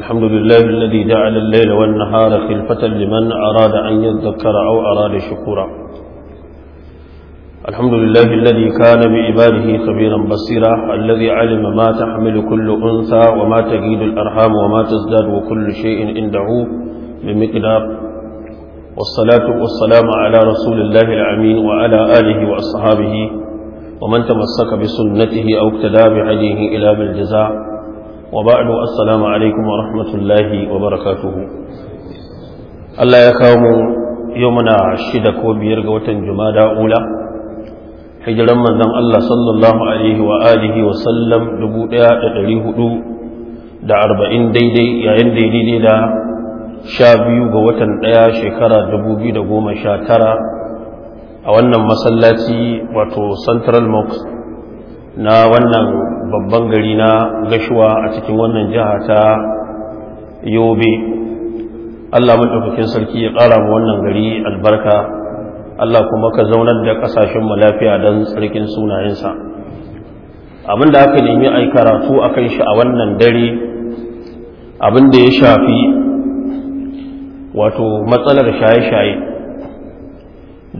الحمد لله الذي جعل الليل والنهار خلفة لمن أراد أن يذكر أو أراد شكورا الحمد لله الذي كان بعباده خبيرا بصيرا الذي علم ما تحمل كل أنثى وما تجيد الأرحام وما تزداد وكل شيء عنده بمقدار والصلاة والسلام على رسول الله الأمين وعلى آله وأصحابه ومن تمسك بسنته أو اقتدى بهديه إلى بالجزاء وبعد السلام عليكم ورحمة الله وبركاته الله يكاوم يومنا شدك وبيرك وتنجمادا أولى hijiran manzon Allah sallallahu alaihi wa alihi hudu da arba'in daidai yayin daidai da sha biyu ga watan ɗaya shekara tara, a wannan masallaci wato central mosque na wannan babban gari na gashuwa a cikin wannan jiha ta yobe allah maɗaukakin sarki ya ƙara mu wannan gari albarka allah kuma ka zaunar da ƙasashenmu lafiya don tsarkin sunayensa abin da aka nemi a yi karatu a kan shi a wannan dare abin da ya shafi wato matsalar shaye-shaye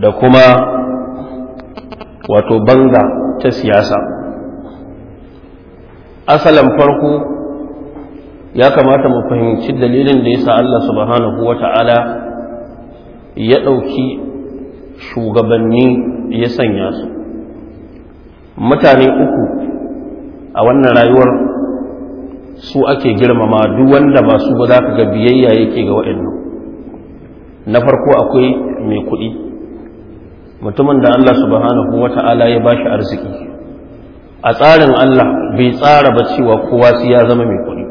da kuma wato banga ta siyasa Asalin farko ya kamata mu fahimci dalilin da yasa Allah subhanahu wata'ala ya ɗauki shugabanni ya sanya su mutane uku a wannan rayuwar su ake girmama duk wanda ba su ba za ka ga biyayya yake ga waɗannan na farko akwai mai kuɗi mutumin da Allah subhanahu wata'ala ya bashi arziki a tsarin Allah bai tsara ba cewa kowa sai ya zama mai kuɗi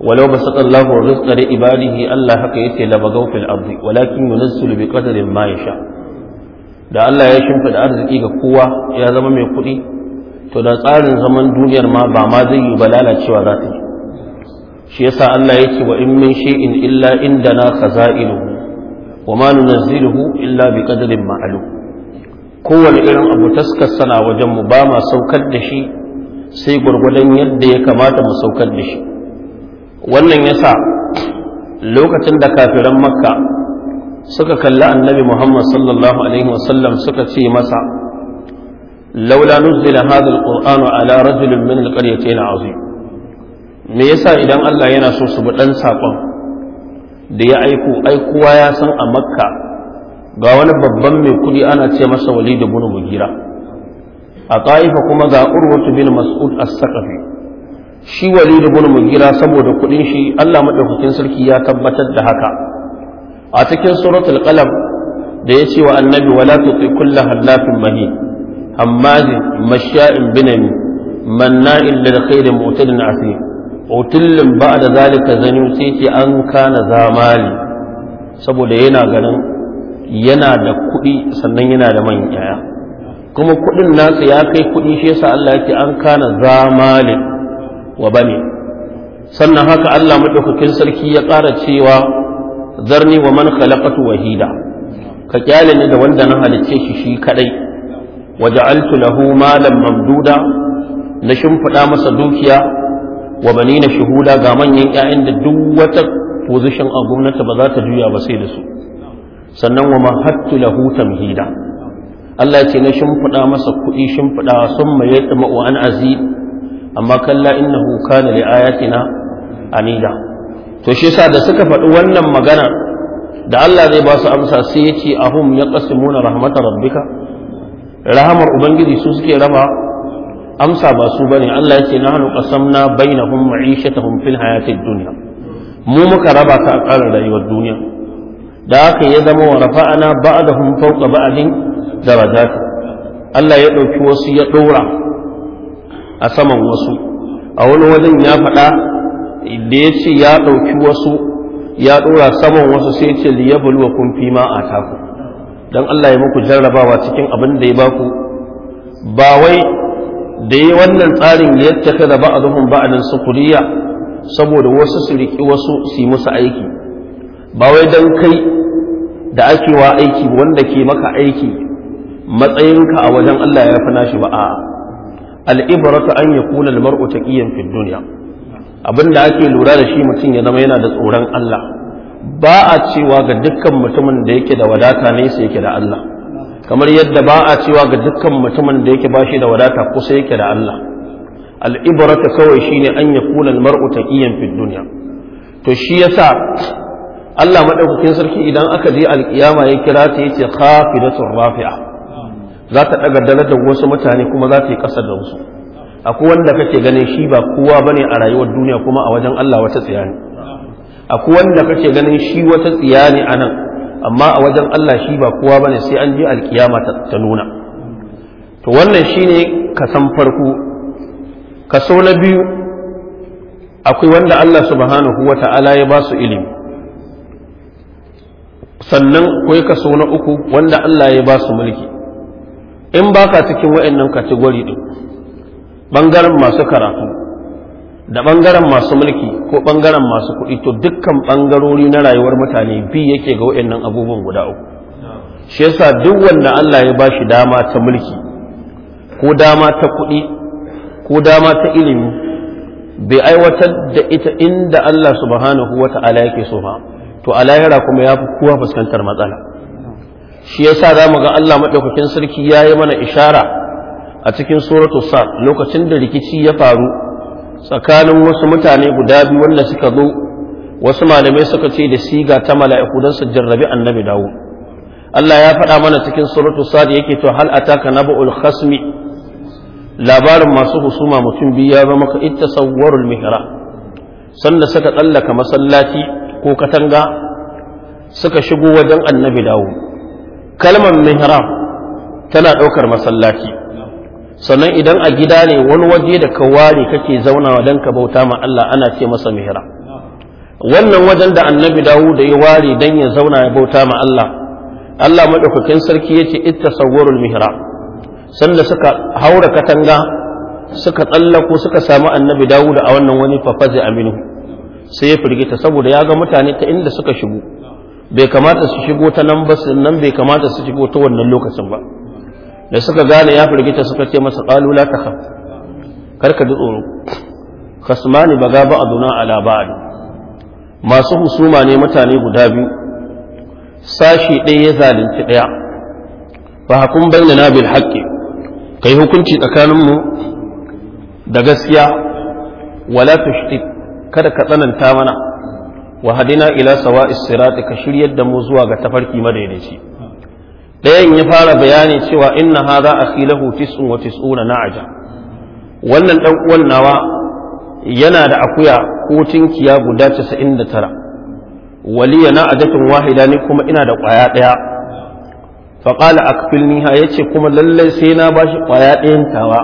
walau ba saka Allah rizqa da ibadihi Allah haka yake labagau fil ardi walakin yunzilu bi qadarin ma yasha da Allah ya shimfida arziki ga kowa ya zama mai kuɗi to da tsarin zaman duniyar ma ba ma zai yi ba lalacewa za ta yi shi yasa Allah yake wa in min shay'in illa indana khaza'iluhu wa ma nunzilu illa bi qadarin ma'lum kowane irin abu taskarsa wajen mu ba ma saukar da shi sai gwargwadon yadda ya kamata mu saukar da shi wannan ya sa lokacin da kafiran makka suka kalli annabi muhammad sallallahu alaihi wasallam suka ce masa laula nuzila hadha alqur'anu ala rajulin min alqaryatayn azim me yasa idan Allah yana so su bi dan sakon da ya aiko aikowa ya san a makka ga wani babban mai kudi ana ce masa wali da bunu mugira. a ƙa'ifa kuma ga urwatu bin mas'ud as-saqafi shi wali da bunu mugira saboda kudin shi Allah madaukakin sarki ya tabbatar da haka a cikin suratul qalam da ya ce wa annabi wala tuti kullu hallafin mahin hammazin mashya'in binami manna'in lil khairi mu'tadin asim utillin ba'da zalika zanyu sai ce an kana zamali saboda yana ganin yana da kuɗi sannan yana da manyaya kuma kuɗin nasa ya kai kuɗi shi yasa Allah yake an kana zamalin wa bane sannan haka Allah madaukakin sarki ya ƙara cewa zarni wa man khalaqatu wahida ka kyale ni da wanda na halicce shi shi kadai waja'altu lahu malan mamduda na shimfiɗa masa dukiya wa banina shuhuda ga manyan 'ya'yan da duk wata position a gwamnati ba za ta juya ba sai da su sannan wa mahattu lahu tamhida Allah ce na shimfiɗa masa kuɗi shimfiɗa sun mai yadda wa an azib amma kalla innahu kana li ayatina anida to shi yasa da suka faɗi wannan magana da Allah zai ba su amsa sai ya ce ahum yaqsimuna rahmata rabbika rahamar ubangiji su suke raba amsa ba su bane Allah ya ce nahnu qasamna bainahum ma'ishatahum fil hayatid dunya mu muka raba ta a ƙarin rayuwar duniya da haka ya zama wa rafa'ana ba'dahum ba ba'din darajat Allah ya ɗauki wasu ya ɗora a saman wasu a wani wajen ya faɗa da ya ce ya ɗauki wasu ya ɗora saman wasu sai ya ce kun fi ma a taku. Don Allah ya muku jarrabawa cikin abin da ya baku ba wai da yi wannan tsarin yadda a ba'dhum ba'dan sukuriya saboda wasu su riki wasu su yi musu aiki ba wai don kai da ake wa aiki wanda ke maka aiki matsayinka a wajen Allah ya fi nashi ba a al'ibratu an yi al-mar'u taqiyan fid dunya abinda ake lura da shi mutum ya zama yana da tsoron Allah ba a cewa ga dukkan mutumin da yake da wadata ne sai yake da Allah kamar yadda ba a cewa ga dukkan mutumin da yake bashi da wadata kusa yake da Allah al'ibrata kawai shi ne an yi al-mar'u taqiyan fi duniya to shi yasa Allah madaukakin sarki idan aka je alƙiyama ya kira ta yace khafidatur rafi'a za ta ɗaga daga darajar wasu mutane kuma za ta yi kasar da wasu akwai wanda kake ganin shi ba kowa bane a rayuwar duniya kuma a wajen Allah wata tsiya ne akwai wanda kake ganin shi wata tsiya ne a nan amma a wajen Allah shi ba kowa bane sai an je alƙiyama ta nuna to wannan shine kasan farko kaso na biyu akwai wanda Allah subhanahu wata'ala ya ba su ilimi sannan kai kaso na uku wanda Allah ya ba su mulki in ba ka cikin wa'annan kategori ɗin ɓangaren masu karatu da ɓangaren masu mulki ko ɓangaren masu kuɗi to dukkan ɓangarori na rayuwar mutane bi yake ga wa'annan abubuwan guda uku shi yasa duk wanda Allah ya ba shi dama ta mulki ko dama ta kuɗi ko dama ta ilimi bai aiwatar da ita inda Allah subhanahu wata'ala yake so ba to a lahira kuma ya fi kowa fuskantar matsala shi yasa za mu ga Allah maɗaukakin sarki ya yi mana ishara a cikin suratu sa lokacin da rikici ya faru tsakanin wasu mutane guda biyu wanda suka zo wasu malamai suka ce da siga ta mala'iku don su jarrabi annabi dawo Allah ya faɗa mana cikin suratu sa da yake to hal ataka naba'ul khasmi labarin masu husuma mutum biyu ya zama ka itta sawwarul mihra sanda suka tsallaka masallaci ko katanga suka shigo wajen annabi dawo kalmar mihrab tana ɗaukar masallaci sannan idan a gida ne wani waje da ka ware kake zaunawa don ka bauta ma Allah ana ce masa mihrab wannan wajen da annabi dawo da ya ware don ya zauna ya bauta ma Allah Allah maɗaukakin sarki ya ce ita sauwarul mihira sanda suka haura katanga suka tsallako suka samu annabi da a wannan wani fafazi aminu sai ya firgita saboda ya ga mutane ta inda suka shigo bai kamata su shigo ta nan ba nan bai kamata su shigo ta wannan lokacin ba da suka gane ya firgita suka ce masa qalu la takhaf karka ji tsoro khasmani baga ba aduna ala ba'd masu husuma ne mutane guda biyu sashi ɗaya ya zalunci ɗaya fa hakum bainana bil haqqi kai hukunci tsakaninmu da gaskiya wala tushtit kada ka tsananta mana wa hadina ila sawa'is sirat ka shiryar da mu zuwa ga tafarki madaidaici Ɗayan ya fara bayani cewa inna hadha akhi lahu tis'un wa tis'una na'aja wannan dan uwan nawa yana da akuya ko tinkiya guda 99 waliya na'ajatin wahida ni kuma ina da kwaya daya faqala akfilniha yace kuma lalle sai na bashi kwaya dayan tawa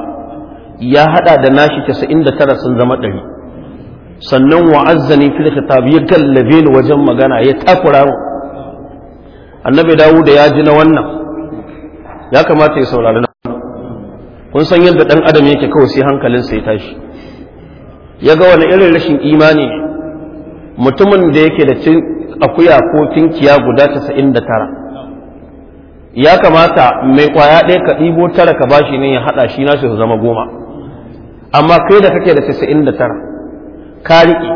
ya hada da nashi 99 sun zama 100 sannan wa'azzani da ta ya gallabe ni wajen magana ya takura mu annabi dawo da ya ji na wannan ya kamata ya saurari na kun san yadda dan adam yake kawai sai hankalinsa ya tashi ya ga wani irin rashin imani mutumin da yake da cin akuya ko tinkiya guda da tara. ya kamata mai kwaya ɗaya ka ɗibo tara ka bashi ne ya haɗa shi na su zama goma amma kai da kake da da tara. ka riƙe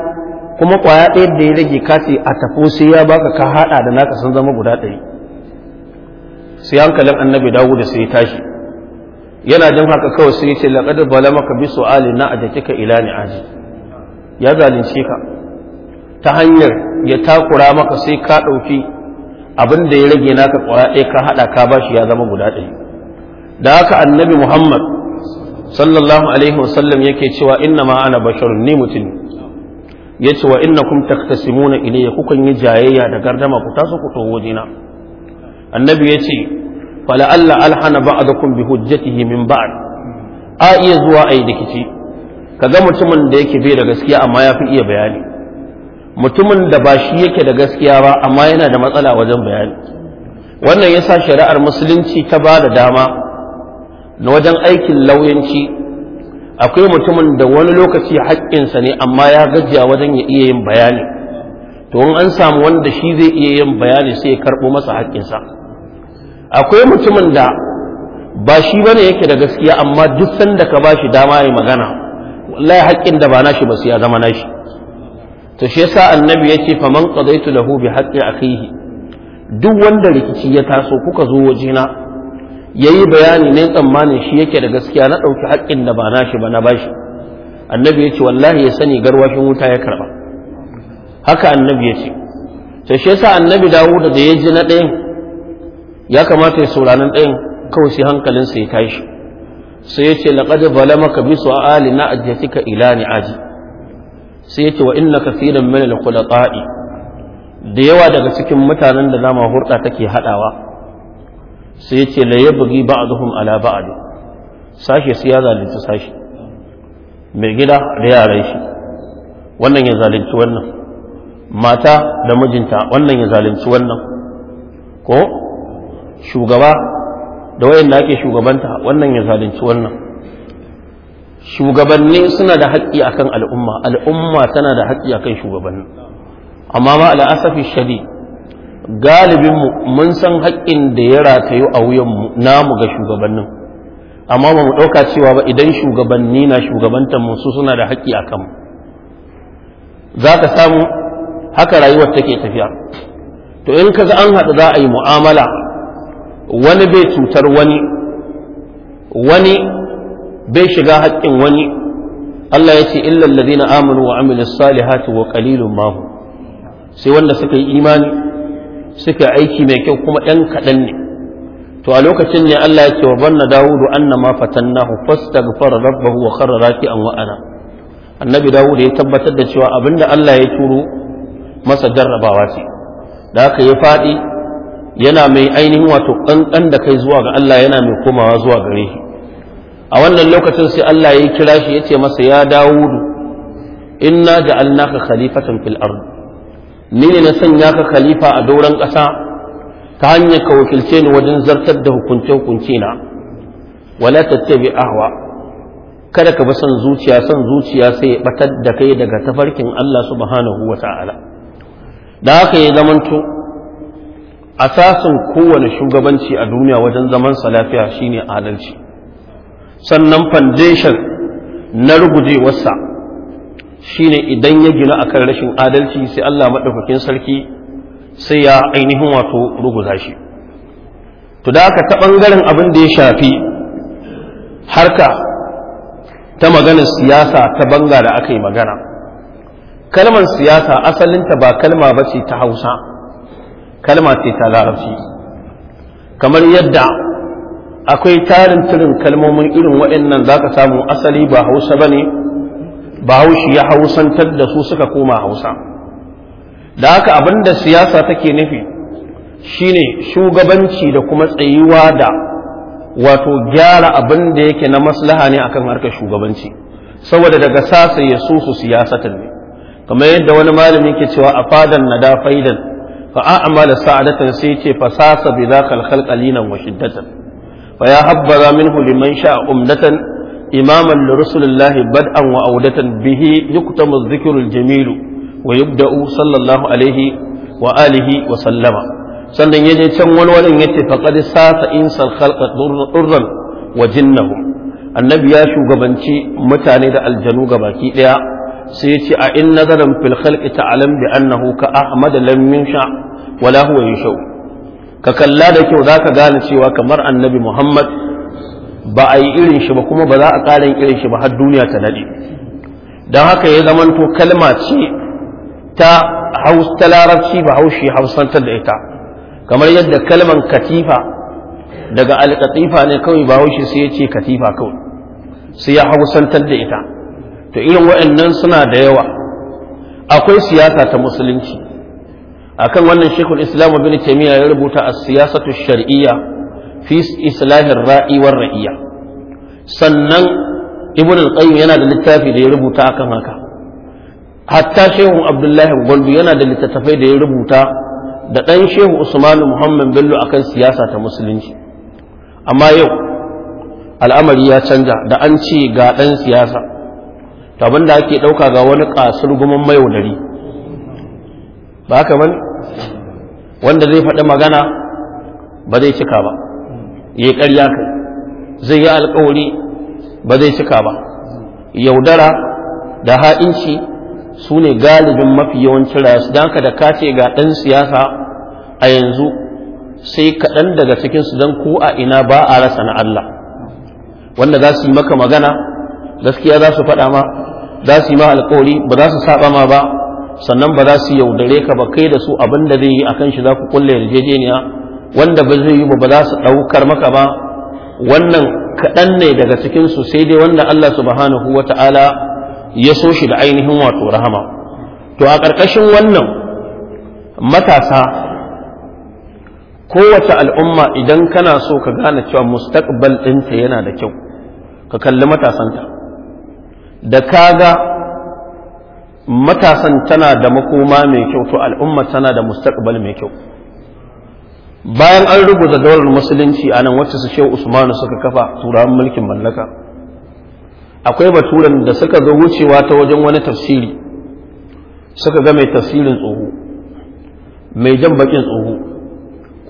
kuma ƙwaya ɗaya da ya rage ka a tafo sai ya baka ka haɗa da naka sun zama guda ɗari sai hankalin annabi dawo da sai ya tashi yana jin haka kawai sai ya ce bala maka bi su'ali na ajataka ila ni aji ya zalunce ka ta hanyar ya takura maka sai ka ɗauki abin da ya rage naka ƙwaya ɗaya ka haɗa ka bashi ya zama guda ɗari da haka annabi muhammad sallallahu alaihi wasallam yake cewa inna ma ana basharun ni mutum yace wa innakum taktasimuna ilayya kukan yi jayayya da gardama ku taso ku taho wajena annabi ya ce fala alla alhana ba'dakum bi hujjatihi min ba'd a iya zuwa ayi dikici kaga mutumin da yake bai da gaskiya amma ya fi iya bayani mutumin da ba shi yake da gaskiya ba amma yana da matsala wajen bayani wannan yasa shari'ar musulunci ta ba da dama na wajen aikin lauyanci akwai mutumin da wani lokaci haƙƙinsa ne amma ya gajiya wajen ya iya yin bayani to in an samu wanda shi zai iya yin bayani sai ya karɓo masa haƙƙinsa akwai mutumin da ba shi bane yake da gaskiya amma duk sanda ka ba shi dama ya magana wallahi haƙƙin da ba nashi ba sai ya zama nashi to shi yasa annabi ya ce faman qadaitu lahu bi haqqi akhihi duk wanda rikici ya taso kuka zo wajena ya yi bayani ne tsammanin shi yake da gaskiya na ɗauki haƙƙin da ba nashi ba na bashi annabi ya ce wallahi ya sani garwashin wuta ya karɓa haka annabi ya ce ta shi yasa annabi dawuda da ya ji na ɗayan ya kamata ya sauranin ɗayan kawai sai hankalinsa ya tashi sai ya ce laƙadu maka bisu a ali na ajiyatuka ila ni aji sai ya ce wa inna kafiran min kula da yawa daga cikin mutanen da nama hurɗa take haɗawa sai ya ce laye bugi zuhun ala ne. sashe su ya zalunci sashe mai gida da yara shi wannan ya zalunci wannan mata da mijinta wannan ya zalunci wannan ko shugaba da wayan da ake shugabanta wannan ya zalunci wannan shugabanni suna da haƙƙi akan al'umma al'umma tana da haƙƙi akan shugabanni amma ma al'asafi shadi galibinmu mun san haƙƙin da ya ratayo a wuyan namu ga shugabannin amma ba mu ɗauka cewa ba idan shugabanni na shugabantar musu suna da haƙƙi a kanmu za ka samu haka rayuwar take tafiya to in ka za an haɗu za a yi mu'amala wani bai cutar wani wani bai shiga haƙƙin wani Allah ya ce illal ladina amanu wa amilus salihati wa qalilun ma sai wanda suka yi imani suka aiki mai kyau kuma ɗan kaɗan ne to a lokacin ne Allah ya ce wa banna dawudu anna ma fatannahu fastaghfara rabbahu wa kharra raki'an wa ana annabi Dawudu ya tabbatar da cewa abinda Allah ya turo masa jarrabawa ce da haka ya faɗi yana mai ainihin wato ƙanƙan da kai zuwa ga Allah yana mai komawa zuwa gare shi a wannan lokacin sai Allah ya kira shi ya ce masa ya dawudu inna ja'alnaka khalifatan fil ard ni ne na sanya ka khalifa a doron ƙasa ta hanyar ka wakilce ni wajen zartar da hukunce hukunce na wala tattabi ahwa kada ka bi san zuciya son zuciya sai ya batar da kai daga tafarkin Allah subhanahu wa ta'ala da haka ya zamanto asasin kowane shugabanci a duniya wajen zaman sa lafiya shine adalci sannan foundation na rugujewarsa shine idan ya gina akan rashin adalci sai Allah maɗaukakin sarki sai ya ainihin wato ruguza shi to da aka ta ɓangaren abin da ya shafi harka ta maganar siyasa ta banga da aka yi magana kalmar siyasa asalinta ba kalma ba ce ta hausa kalma ce ta larabci kamar yadda akwai tarin turin kalmomin irin waɗannan za ka samu asali ba hausa ba ne bahaushe ya hausantar da su suka koma hausa da haka abin da siyasa take nufi shine shugabanci da kuma tsayuwa da wato gyara abin da yake na maslaha ne akan harkar shugabanci saboda daga sasa ya su su siyasatan ne kamar yadda wani malami ke cewa a fadan na da faidan fa a'mala sa'adatan sai ce fa sasa bi zakal khalqalinan wa shiddatan fa ya habbaza minhu liman sha'a umdatan imaman da bad'an wa audatan bihi yuktamu zikirul jamilu wa yubda'u sallallahu alaihi wa wa sallama sannan yaje can wani wani yace faqad sata insal khalqa durran wa jinnahu annabi ya shugabanci mutane da aljanu gabaki daya sai yace a in nazaran fil khalqi ta'lam bi annahu ka ahmad lam yunsha wala huwa yunsha ka kalla da kyau zaka gane cewa kamar annabi muhammad ba a yi irin shi ba kuma ba za a ƙara yin irin shi ba har duniya ta nade don haka ya zamanto kalma ce ta hausa ta larabci ba haushi hausantar da ita kamar yadda kalman katifa daga alkatifa ne kawai ba haushi sai ya ce katifa kawai sai ya hausantar da ita to irin waɗannan suna da yawa akwai siyasa ta musulunci akan wannan shekul islam bin taimiyya ya rubuta a siyasatu shar'iyya fi islahin ra'i war ra'iya sannan ibn al-qayyim yana da littafi da ya rubuta akan haka hatta shehu abdullahi Gwandu yana da littattafai da ya rubuta da ɗan shehu usman muhammad bello akan siyasa ta musulunci amma yau al'amari ya canja da an ce ga ɗan siyasa to abin da ake ɗauka ga wani ƙasar gumin mayaudari ba haka bane wanda zai faɗi magana ba zai cika ba ya ƙarya kai zai yi alkawari ba zai cika ba yaudara da ha'inci su ne galibin mafi yawancin rasu don ka da kace ga ɗan siyasa a yanzu sai kaɗan daga cikinsu don ko a ina ba a rasa na Allah wanda za su yi maka magana gaskiya za su faɗa ma za su yi ma alkawari ba za su saɓa ma ba sannan ba za su yaudare ka ba kai da su abin da zai yi a kan shi za ku kulle yarjejeniya wanda ba zai yi ba za su ɗaukar maka ba wannan kaɗan ne daga cikinsu sai dai wanda Allah subhanahu wa ta'ala ya so shi da ainihin wato rahama to a ƙarƙashin wannan matasa kowace al'umma idan kana so ka gane cewa mustaqbal ɗinta yana da kyau ka kalli matasanta da kaga matasan tana da makoma mai kyau to al'umma tana da mustaqbal mai kyau bayan an rubuta daular musulunci a nan wacce su shehu usmanu suka kafa turawan mulkin mallaka akwai baturan da suka zo wucewa ta wajen wani tafsiri suka ga mai tafsirin tsoho mai jan bakin tsoho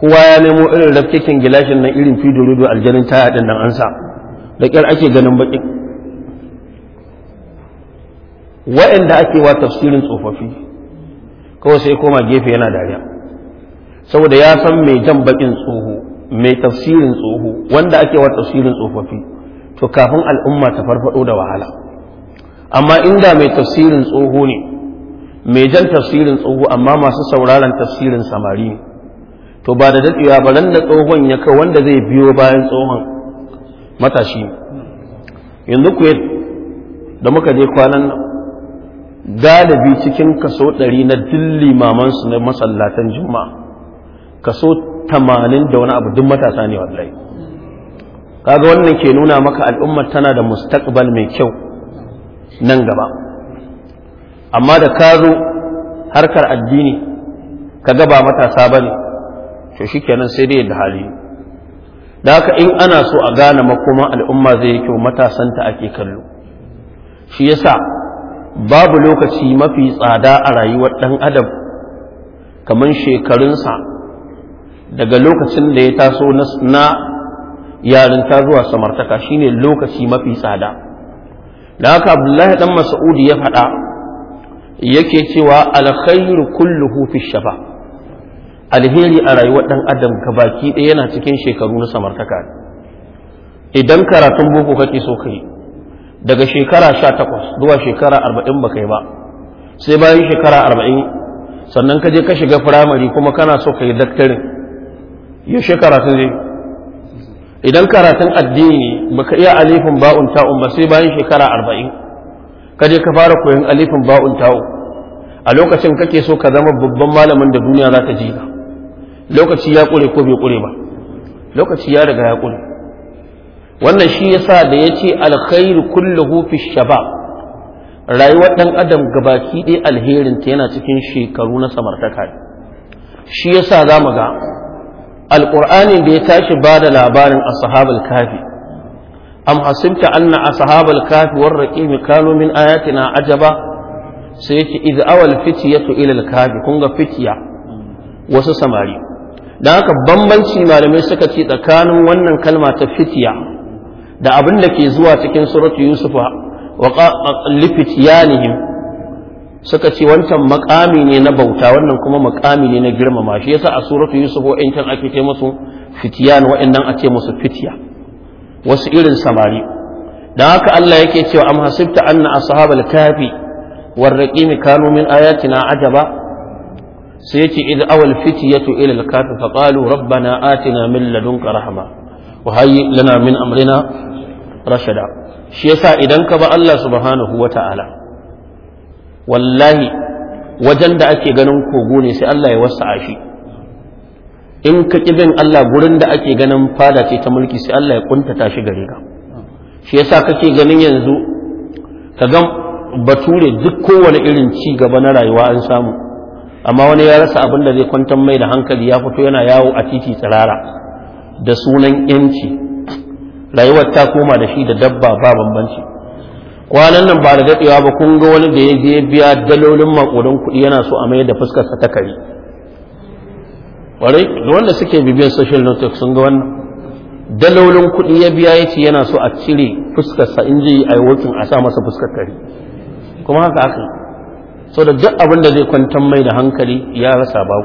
kowa ya nemo irin rafkekin gilashin nan irin fido aljanin taya din nan ansa da kyar ake ganin bakin waɗanda ake wa tafsirin tsofaffi kawai sai koma gefe yana dariya saboda ya san mai jan bakin tsoho mai tafsirin tsoho wanda ake wa tafsirin tsofaffi to kafin al'umma ta farfado da wahala amma inda mai tafsirin tsoho ne mai jan tafsirin tsoho amma masu sauraron tafsirin samari ne to ba da daɗewa ba da tsohon ya kai wanda zai biyo bayan tsohon matashi yanzu ku da muka je kwanan nan galibi cikin kaso ɗari na dilli mamansu na masallatan juma'a kaso tamanin da wani abu duk matasa ne wallahi kaga wannan ke nuna maka al'ummar tana da mustaqbal mai kyau nan gaba amma da ka zo harkar addini ka gaba matasa bane to shikenan sai dai da hali da haka in ana so a gane makoman al'umma zai yi kyau matasanta ake kallo shi yasa babu lokaci mafi tsada a rayuwar ɗan adam kamar shekarunsa daga lokacin da ya taso na yarinta zuwa samartaka shine lokaci mafi tsada da haka abdullahi dan mas'udi ya faɗa yake cewa alkhairu kulluhu fi shafa alheri a rayuwar dan adam ka baki ɗaya yana cikin shekaru na samartaka idan karatun boko kake so kai daga shekara sha takwas zuwa shekara arba'in ba kai ba sai bayan shekara arba'in sannan ka je ka shiga firamare kuma kana so ka yi daktarin yaushe karatun zai idan karatun addini ne baka iya alifin ba'un ta'un ba sai bayan shekara arba'in ka je ka fara koyon alifin ba'un ta'un a lokacin kake so ka zama babban malamin da duniya za ta ji lokaci ya ƙure ko bai ƙure ba lokaci ya riga ya ƙure wannan shi yasa da ya ce alkhairu kulluhu fi shabab rayuwar ɗan adam gabaki ɗaya alherinta yana cikin shekaru na samartaka shi yasa za mu ga alƙur'ani da ya tashi ba da labarin ashabul kafi am hasimta anna ashabul kafi war raqimi kanu min ayatina ajaba sai yake id awal fitiyatu ila kun ga fitiya wasu samari dan haka bambanci malamai suka ce tsakanin wannan kalma ta fitiya da abin da ke zuwa cikin suratu yusufa wa lifiyanihim suka ce wancan makami ne na bauta wannan kuma makami ne na girmama shi yasa a suratu yusuf wa'ancan ake ce musu fitiyan wa'annan a ce musu fitiya wasu irin samari dan haka Allah yake cewa am hasibta anna ashabal kafi war raqim kanu min ayatina ajaba sai yace id awal fitiyatu ila al kafi fa rabbana atina min ladunka rahma wa hayyi lana min amrina rashada shi yasa idan ka ba Allah subhanahu wata'ala wallahi wajen da ake ganin kogo ne sai Allah ya a shi in ka ƙi bin Allah gurin da ake ganin fada ce ta mulki sai Allah ya kuntata shi gare ka shi yasa kake ganin yanzu ka ga bature duk kowane irin ci gaba na rayuwa an samu amma wani ya rasa abin da zai kwantar mai da hankali ya fito yana yawo a titi tsirara da sunan yanci rayuwar ta koma da shi da dabba ba bambanci kwanan nan ba da daɗewa ba kun ga wani da ya je biya dalolin makudan kuɗi yana so a mayar da fuskarsa sa takari ƙwarai da wanda suke bibiyar social network sun ga wannan dalolin kuɗi ya biya ya ce yana so a cire fuskarsa in ji a yi a sa masa fuskar kari kuma haka haka so da duk abin da zai kwantar mai da hankali ya rasa ba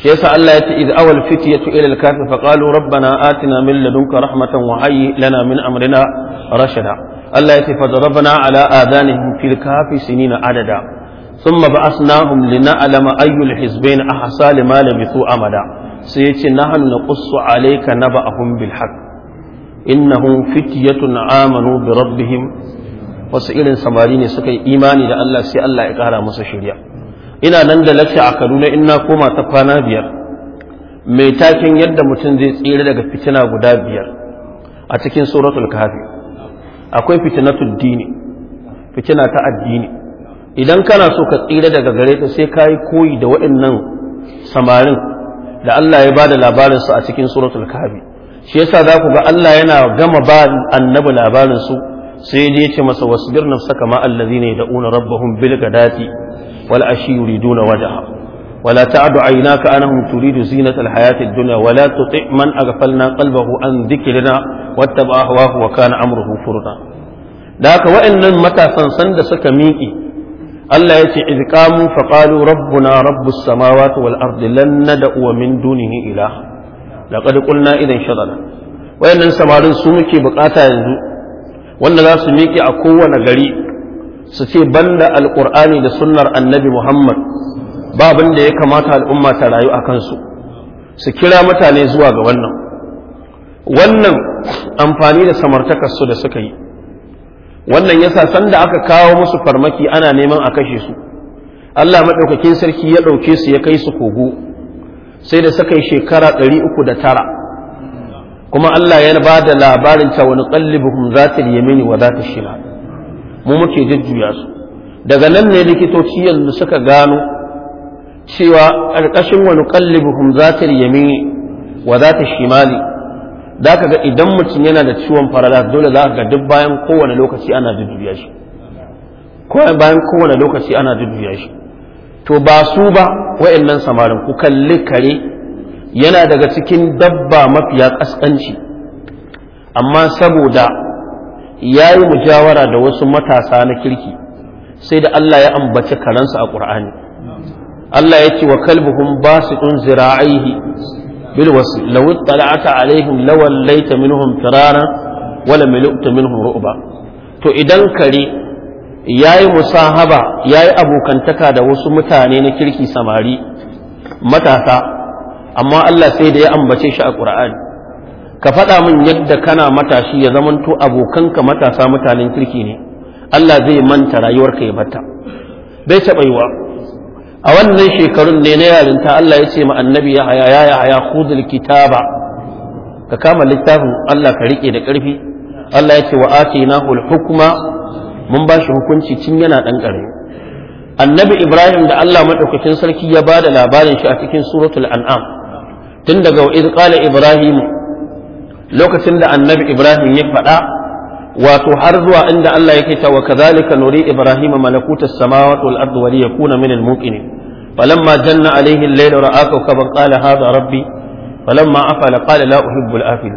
shi yasa Allah ya ce iz awal fityatu ila al-kafir fa Rabba na atina min ladunka rahmatan wa hayyi lana min amrina rashada Allah ya ce fa ala adanihim fil kafi sinina adada thumma ba'athnahum lina'lama ayyul hizbayn ahsa lima labithu amada sai yace nahnu naqussu alayka naba'ahum bil haqq innahum fityatun amanu bi rabbihim wasu irin samari ne suka yi imani da Allah sai Allah ya kara musu shirya ina nan da lakta a Kaduna in na koma ta kwana biyar mai takin yadda mutum zai tsira daga fitina guda biyar a cikin suratul kafi akwai fitnatud dini fitina ta addini idan kana so ka tsira daga gare ta sai kayi koyi da waɗannan samarin da Allah ya bada labarin su a cikin suratul kabi shi yasa za ku ga Allah yana gama ba annabi labarin su sai dai ya ce masa wasbir nafsaka ma allazina yad'una rabbahum bil gadati wal ashi yuriduna wajha ولا تعد عيناك أنهم تريد زينة الحياة الدنيا ولا تطع من أغفلنا قلبه عن ذكرنا واتبع أهواه وكان أمره فرطا ذاك وإن متى سنسند سكميكي الله يتي إذ قاموا فقالوا ربنا رب السماوات والأرض لن ندعو من دونه إله لقد قلنا إذا شرنا وإن سمارين سمكي بقاتا ينزو وإن لا سميكي أقوى نغري ستي بند القرآن لسنر النبي محمد ba abin da ya kamata al'umma ta rayu a kansu su kira mutane zuwa ga wannan wannan amfani da su da suka yi wannan yasa sanda aka kawo musu farmaki ana neman a kashe su Allah maɗaukakin sarki ya ɗauke su ya kai su kogo sai da suka yi shekara ɗari uku da tara kuma Allah ya ba da labarin ta wani ƙallibuhum za ta yamini wa za ta shila mu muke jujjuya su daga nan ne likitoci yanzu suka gano cewa ƙarƙashin wani kallibuhum za ta yami wa za ta shimali za ka ga idan mutum yana da ciwon paralysis dole za ka ga duk bayan kowane lokaci ana jujjuya shi bayan kowane lokaci ana jujjuya shi to ba su ba wa'annan samarin ku kalli kare yana daga cikin dabba mafiya ƙasƙanci amma saboda ya yi mujawara da wasu matasa na kirki sai da Allah ya ambaci karensu a ƙur'ani Allah ya ce wa kalbuhum basitun zira'aihi bil wasi law ittala'ata alaihim law laita minhum firara wala milukta minhum ruɓa. to idan kare yayi musahaba yayi abokantaka da wasu mutane na kirki samari matasa amma Allah sai da ya ambace shi a ƙur'ani, ka faɗa min yadda kana matashi ya zamanto abokanka matasa mutanen kirki ne Allah zai manta rayuwarka ya bata bai taɓa wa. a wannan shekarun ne na yarinta Allah ya ce ma annabi ya haya ya haya khudul kitaba ka kama littafin Allah ka rike da ƙarfi Allah ya ce wa atinahu al mun ba shi hukunci tun yana dan ƙarami annabi Ibrahim da Allah madaukakin sarki ya ba da labarin shi a cikin suratul an'am tun daga wa iz qala ibrahim lokacin da annabi Ibrahim ya faɗa wato har zuwa inda Allah yake ta wa kadhalika nuri ibrahima malakuta samawati wal ardi wa liyakuna min al muqinin falamma janna alayhi al layl ra'aka kama qala hadha rabbi falamma afala qala la uhibbu al afil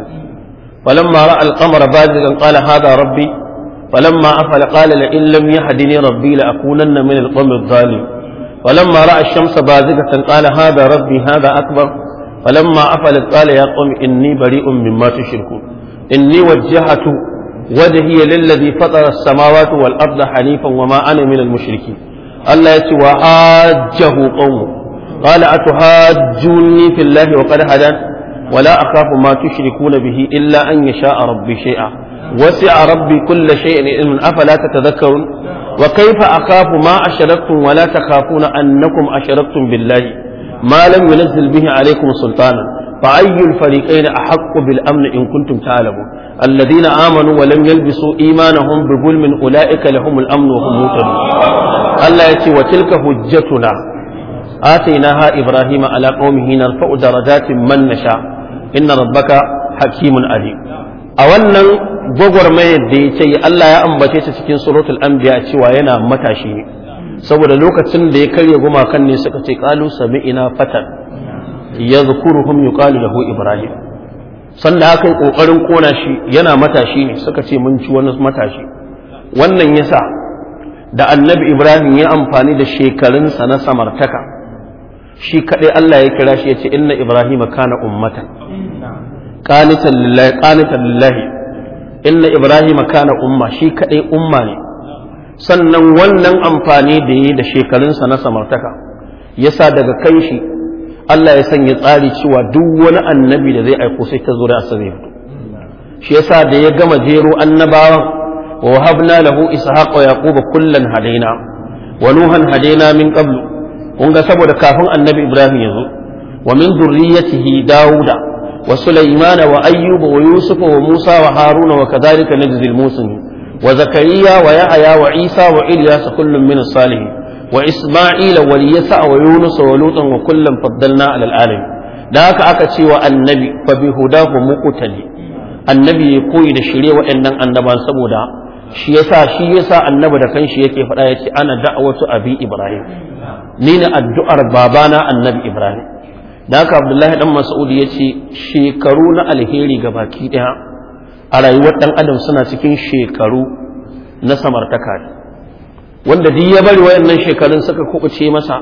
falamma ra'a al qamara bazigan qala hadha rabbi falamma afala qala la in lam yahdini rabbi la akunanna min al qawmi adh falamma ra'a ash-shamsa bazigatan qala rabbi hadha akbar falamma afalat qala ya qawmi inni wadda hiya lillazi fatara samawati wal ardh hanifan wama ana min al mushriki Allah yace wa hajjahu qawmu qala atuhajjuni fillahi wa qad hadan wala akhafu ma tushrikuna bihi illa an yasha rabbi shay'a wasi'a rabbi kull shay'in ilman afala tatadhakkarun wa kayfa akhafu ma ashraktum wala takhafuna annakum ashraktum billahi Malam lam yunzil bihi alaykum فأي الفريقين أحق بالأمن إن كنتم تعلمون الذين آمنوا ولم يلبسوا إيمانهم بظلم أولئك لهم الأمن وهم مهتدون الله يأتي وتلك حجتنا آتيناها إبراهيم على قومه نرفع درجات من نشاء إن ربك حكيم عليم أولا gogwar mai da ya ce Allah ya ambace ta cikin suratul anbiya cewa yana matashi ne saboda lokacin da ya karya gumakan ne suka ce qalu sami'ina fatan yadhkuruhum yuqalu lahu ibrahim sanda aka yi kokarin kona shi yana matashi ne suka ce mun ci wani matashi wannan yasa da annabi ibrahim ya amfani da shekarunsa na samartaka shi kadai Allah ya kira shi ya ce inna ibrahim kana ummatan qanitan lillahi qanitan lillahi inna ibrahim kana umma shi kadai umma ne sannan wannan amfani da yi da shekarunsa na samartaka yasa daga kai shi Allah ya sanya tsari cewa duk wani annabi da zai aiko sai ta zo da asali shi yasa da ya gama jero annabawan wa wahabna lahu ishaqa wa yaquba kullan hadaina wa nuhan hadaina min qablu kun ga saboda kafin annabi ibrahim ya zo wa min zurriyyatihi dauda wa sulaiman wa ayyuba wa yusuf wa musa wa haruna wa kadhalika najzil musin wa zakariya wa yahaya wa isa wa ilyas kullun min as-salihin wa isma'ila wal yasa wa Yunusa wa lutan wa kullum faddalna alal alamin da haka aka ce wa annabi fa bi annabi ya koyi da shirye waɗannan annaban saboda shi yasa shi yasa annabi da kanshi yake faɗa yace ana da'awatu abi ibrahim ni ne addu'ar babana annabi ibrahim da haka abdullahi dan mas'ud yace shekaru na alheri ga baki daya a rayuwar dan adam suna cikin shekaru na samartaka wanda duk ya bari wayannan shekarun suka kubuce masa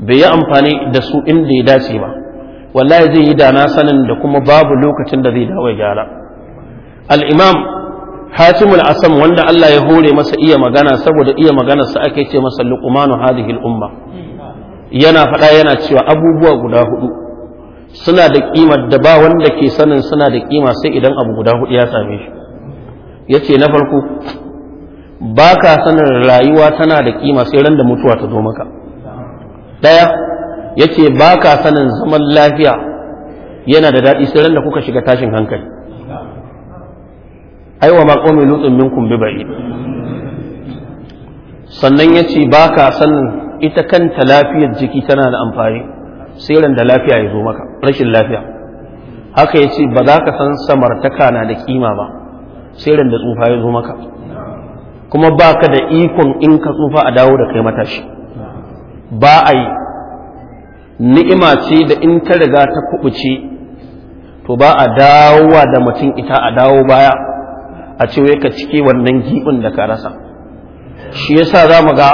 bai yi amfani da su inda ya dace ba wallahi zai yi da na sanin da kuma babu lokacin da zai dawo gyara al-imam hatim al-asam wanda Allah ya hore masa iya magana saboda iya magana sa ake ce masa luqmanu hadhihi al-umma yana faɗa yana cewa abubuwa guda hudu suna da kimar da ba wanda ke sanin suna da kima sai idan abu guda hudu ya same shi yace na farko ba ka sanin rayuwa tana da kima sai ran da mutuwa ta zo maka ɗaya ya ce ba ka sanin zaman lafiya yana da daɗi sai ran da kuka shiga tashin hankali aiwa ma ƙomi lutsin minkum bi ba'i sannan ya ce ba ka sanin ita kanta lafiyar jiki tana da amfani sai ran da lafiya ya zo maka rashin lafiya haka ya ce ba za ka san samartaka na da kima ba sai ran da tsufa ya zo maka kuma ba ka da ikon in ka tsufa a dawo da kai matashi ba a yi ni'ima ce da in ta riga ta kubuce to ba a dawowa da mutum ita a dawo baya a ce wai ka cike wannan gibin da ka rasa shi yasa za mu ga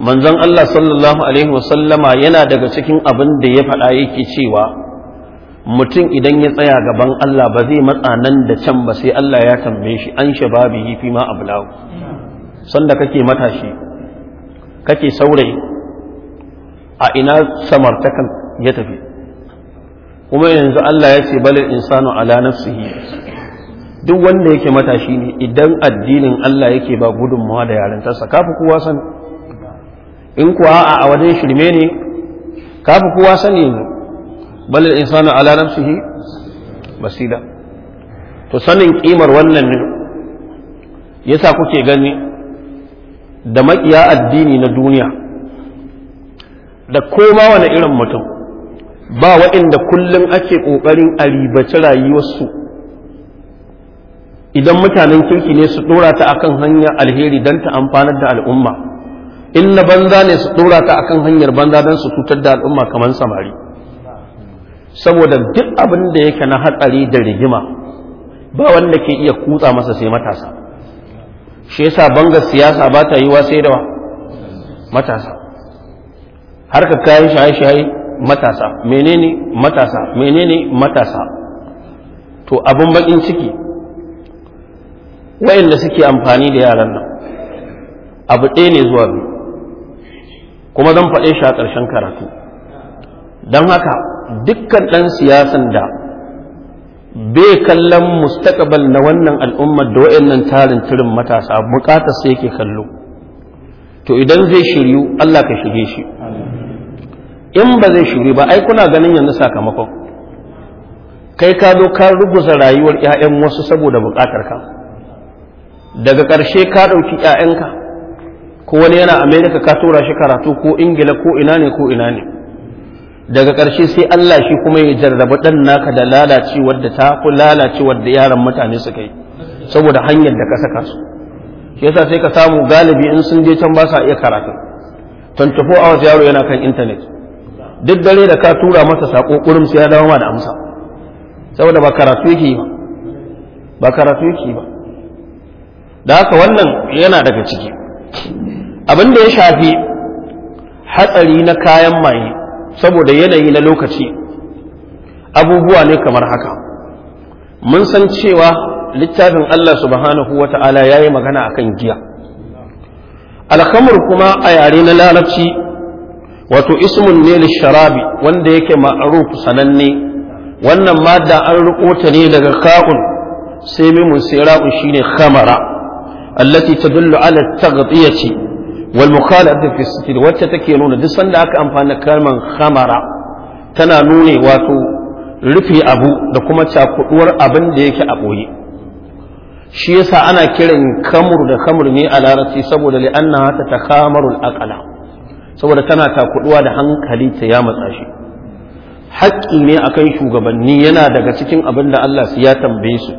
manzon Allah sallallahu alaihi wasallama yana daga cikin abin da ya faɗa yake cewa mutum idan ya tsaya gaban Allah ba zai matsa nan da can ba sai Allah ya tambaye shi an shababi fi ma ablahu sanda kake matashi kake saurayi a ina samartakan ya tafi kuma yanzu Allah ya ce balil insanu ala nafsihi duk wanda yake matashi ne idan addinin Allah yake ba gudunmawa da yarantarsa kafi kowa sani in kuwa a wajen shirme ne kafi kowa sani yanzu? بل الانسان على نفسه بسيطه to sanin ƙimar wannan ne yasa kuke gani da makiya addini na duniya da koma wani irin mutum ba waɗanda kullum ake ƙoƙarin a ribaci rayuwarsu idan mutanen kirki ne su ɗora ta akan hanyar alheri don ta amfanar da al'umma in na banza ne su ɗora ta akan hanyar banza don su cutar da al'umma kamar samari saboda duk abin da yake na hatsari da rigima ba wanda ke iya kutsa masa sai matasa shi yasa bangar siyasa ba ta yiwa sai da matasa har harka kayan shaye-shaye matasa menene matasa menene matasa to abin bakin ciki wayanda suke amfani da yaran nan abu ɗaya ne zuwa biyu kuma zan faɗe shi a ƙarshen karatu don haka dukkan ɗan siyasan da bai kallon mustaqbal na wannan al'ummar da wa'annan tarin turin matasa bukatar sai yake kallo to idan zai shiryu Allah ka shirye shi in ba zai shiryu ba ai kuna ganin yanzu sakamakon kai ka zo ka ruguza rayuwar 'ya'yan wasu saboda bukatar ka daga ƙarshe ka ɗauki 'ya'yanka ko wani yana amerika ka tura shi karatu ko ingila ko ina ne ko ina ne daga ƙarshe sai Allah shi kuma ya jarraba ɗan naka da lalacewar da ta ku lalacewar da yaran mutane suka yi saboda hanyar da ka saka su shi yasa sai ka samu galibi in sun je can ba sa iya karatu a hours yaro yana kan intanet duk dare da ka tura masa sako kurum sai ya dawo ma da amsa saboda ba karatu yake ba ba karatu yake ba da haka wannan yana daga ciki abin da ya shafi hatsari na kayan maye saboda yanayi na lokaci abubuwa ne kamar haka mun san cewa littafin Allah subhanahu wa ta'ala ya yi magana akan giya alkamar kuma a yare na larabci wato ismun ne sharabi wanda yake ma'aruf sananne wannan da an riƙo ta ne daga ka'un sai mimun sai ra'un shine khamara allati tadullu ala taghtiyati wal mukhalafatu fi sitir wacce take nuna duk sanda aka da kalman khamara tana nune wato rufe abu da kuma cakuɗuwar abin da yake a boye shi yasa ana kiran kamur da kamur ne a larabci saboda li'anna ta takamarul akala, saboda tana cakuɗuwa da hankali ta ya matsa haƙƙi ne akan shugabanni yana daga cikin abin da Allah su ya tambaye su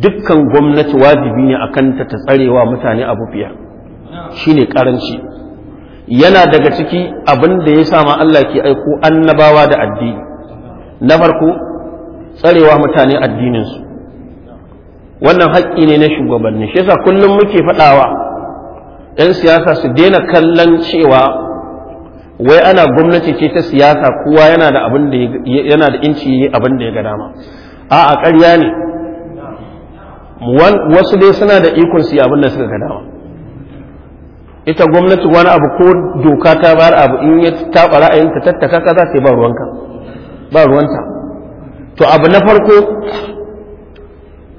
dukkan gwamnati wajibi ne akan ta tsarewa mutane abu biyar shine karanci yana daga ciki abin da ya sa Allah ke aiko annabawa da addini na farko tsarewa mutane addininsu wannan haƙƙi ne na shugabanni shi yasa kullum muke faɗawa 'yan siyasa su daina kallon cewa wai ana gwamnati ce ta siyasa kowa yana da abin da yana da inci abin da ya ga dama a'a ƙarya ne wasu dai suna da ikon su abin da suka ga dama ita gwamnati wani abu ko doka ta bayar abu in ya taɓa ra'ayinta tattaka ka za ta yi ba ruwanka ba ruwanta to abu na farko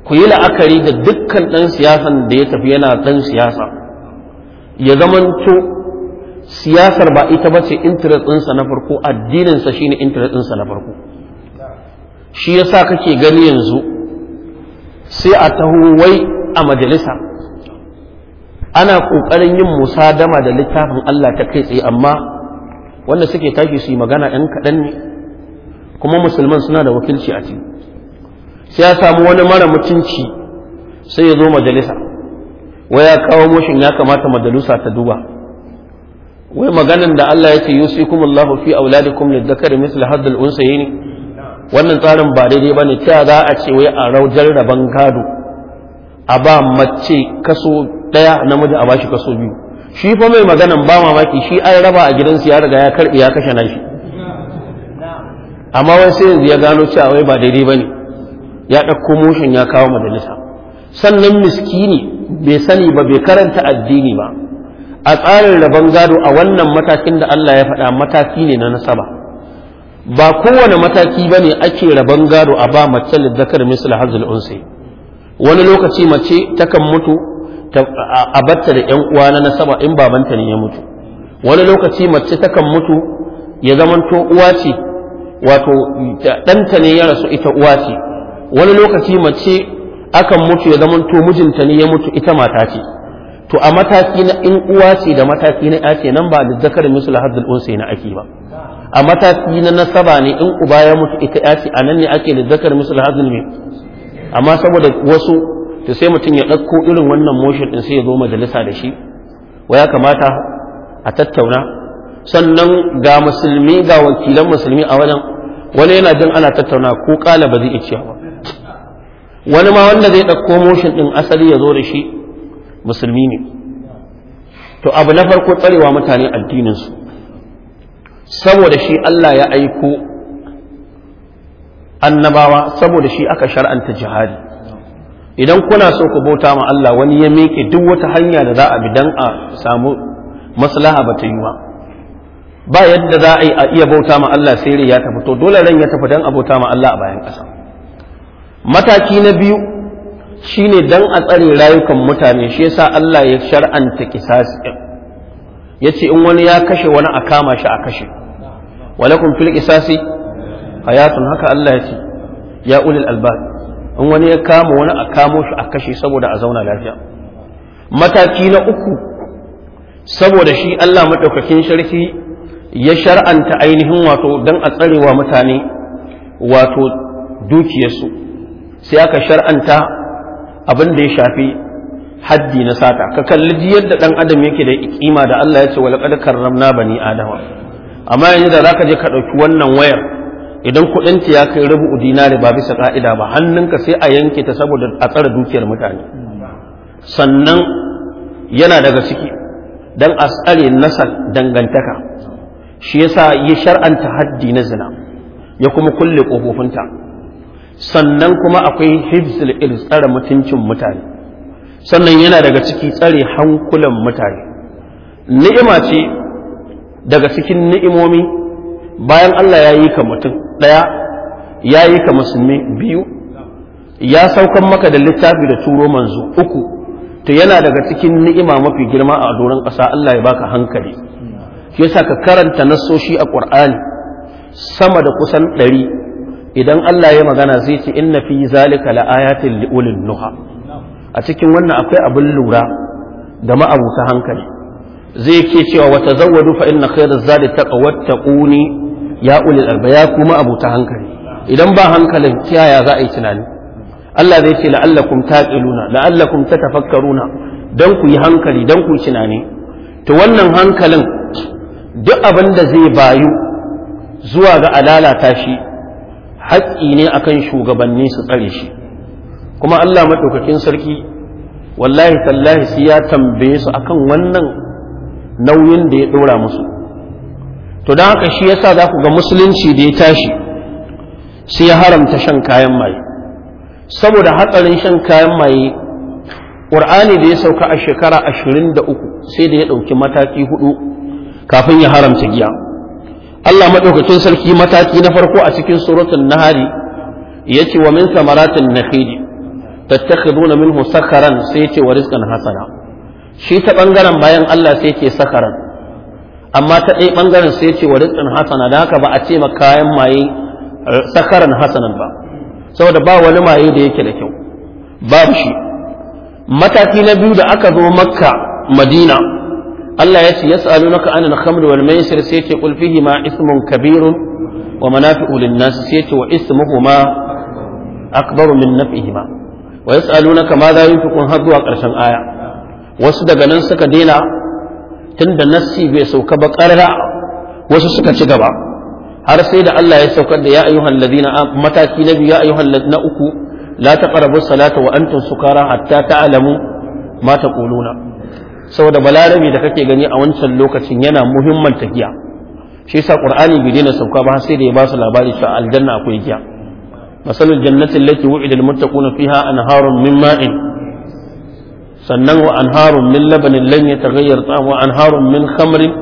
ku yi la'akari da dukkan ɗan siyasan da ya tafi yana ɗan siyasa ya zamanto siyasar ba ita ba ce intanet ɗinsa na farko addininsa shine intanet ɗinsa na farko shi yasa kake gani yanzu sai a taho wai a majalisa ana ƙoƙarin yin musadama da littafin Allah ta kai tsaye amma wanda suke tashi su yi magana ɗan kaɗan ne kuma musulman suna da wakilci a ciki sai ya samu wani mara mutunci sai ya zo majalisa wai ya kawo moshin ya kamata majalusa ta duba wai maganan da Allah ya ce Allahu fi auladikum lidhakari misl hadd unsayni wannan tsarin ba daidai bane ta za a ce wai a raujar da gado a ba mace kaso ɗaya namiji a bashi kaso biyu shi fa mai maganan ba mamaki shi an raba a gidansu ya riga ya karbi ya kashe nashi amma wai sai yanzu ya gano cewa wai ba daidai bane ya ɗauko motion ya kawo majalisa sannan miskini bai sani ba bai karanta addini ba a tsarin rabon gado a wannan matakin da Allah ya faɗa mataki ne na nasaba ba kowane mataki bane ake rabon gado a ba mace da zakar misal hazul unsay wani lokaci mace takan mutu a batta da ‘yan uwa na nasaba in babanta ne ya mutu wani lokaci mace takan mutu ya zamanto uwa ce wato ɗanta ne ya rasu ita uwa ce wani lokaci mace akan mutu ya zamanto mijinta ne ya mutu ita mata ce to a mataki na in uwa ce da mataki na ya ce nan ba da zakar misul haddul unsa na ake ba a mataki na nasaba ne in uba ya mutu ita ya ce a nan ne ake da zakar misul haddul mai amma saboda wasu to sai mutum ya ɗauko irin wannan motion ɗin sai ya zo majalisa da shi wa ya kamata a tattauna sannan ga musulmi ga wakilan musulmi a wajen wani yana jin ana tattauna ko ƙala ba zai iya ba wani ma wanda zai ɗauko motion ɗin asali ya zo da shi musulmi ne to abu na farko tsarewa mutane addininsu saboda shi Allah ya aiko annabawa saboda shi aka shar'anta jihadi idan kuna so ku bauta ma Allah wani ya miƙe duk wata hanya da za a bi dan a samu maslaha ba ta yi ba ba yadda za a yi a iya bauta ma Allah sai ya tafi to dole ran ya tafi dan a bauta ma Allah a bayan ƙasa mataki na biyu shine dan a tsare rayukan mutane shi yasa Allah ya shar'anta kisasi yace in wani ya kashe wani a kama shi a kashe walakum fil qisasi hayatun haka Allah ya ce ya ulil albab in wani ya kama wani a kamo shi a kashe saboda a zauna lafiya mataki na uku saboda shi Allah madaukakin sharhi ya shar'anta ainihin wato dan a tsarewa mutane wato dukiyarsu sai aka shar'anta abin da ya shafi haddi na sata ka kalli ji yadda ɗan adam yake da kima da Allah ya ce wal karramna bani adama amma yanzu da zaka je ka ɗauki wannan wayar idan kuɗinta ya kai rubu dinari ba bisa ƙa'ida ba hannunka sai a yanke ta saboda a tsara dukiyar mutane sannan yana daga ciki dan a tsare nasar dangantaka shi yasa ya shar'anta haddi na zina ya kuma kulle kofofinta sannan kuma akwai hibzul il tsare mutuncin mutane sannan yana daga ciki tsare hankulan mutane ni'ima ce daga cikin ni'imomi bayan Allah ya yi ka mutum ɗaya ya yi ka musulmi biyu ya saukan maka da littafi da turo manzo uku to yana daga cikin ni'ima mafi girma a doron ƙasa Allah ya baka hankali shi yasa ka karanta nassoshi a Qur'ani sama da kusan ɗari idan Allah ya magana zai ce inna fi zalika la'ayatin liulin nuha a cikin wannan akwai abin lura da ma'abuta hankali zai ke cewa wata zawadu fa inna khairu zadi taqwa taquni ya ulil alba ya kuma abuta hankali idan ba hankalin kiyaya za a yi tunani Allah zai ce la'allakum taqiluna la'allakum tatafakkaruna dan ku yi hankali dan ku tunani to wannan hankalin duk abin da zai bayu zuwa ga alalata shi haƙƙi ne akan shugabanni su tsare shi kuma Allah madaukakin sarki wallahi tallahi sai ya tambaye su akan wannan nauyin da ya ɗora musu to don haka shi yasa za ku ga musulunci da ya tashi sai ya haramta shan kayan maye saboda hatsarin shan kayan maye ƙur'ani da ya sauka a shekara ashirin da uku sai da ya ɗauki mataki hudu kafin ya haramta giya Allah maɗaukakin sarki mataki na farko a cikin suratun nahari ce wa min samaratin nakhili tattakhiduna minhu sakaran sai ce wa rizqan hasana shi ta ɓangaren bayan Allah sai ke sakaran amma ta ɗaya ɓangaren sai ce wa rizqin hasana da haka ba a ce ma kayan maye eh, sakaran hasanan ba saboda ba wani maye da yake da kyau babu shi mataki na biyu da aka zo makka madina Allah ya ce yas'alunaka anil khamr wal maisir sai ce qul fihi ma ismun kabirun wa manafi'u lin nas sai ce wa ismuhuma akbaru min naf'ihima wa yas'alunaka ma za yunfiqun har zuwa ƙarshen aya wasu daga nan suka daina tunda nassi bai sauka ba ƙarara wasu suka ci gaba har sai da Allah ya saukar da ya ayyuhan ladina mataki na biyu ya ayyuhan na uku la taqrabu salata wa antum sukara hatta ta'lamu ma taquluna saboda balarabi da kake gani a wancan lokacin yana muhimman tafiya shi yasa qur'ani bai daina sauka ba sai da ya ba su labari cewa aljanna akwai giya masalul jannati allati wu'ida al-muttaquna fiha anharun min ma'in sannan wa anharun min labanin lam yataghayyar ta'amu anharun min khamrin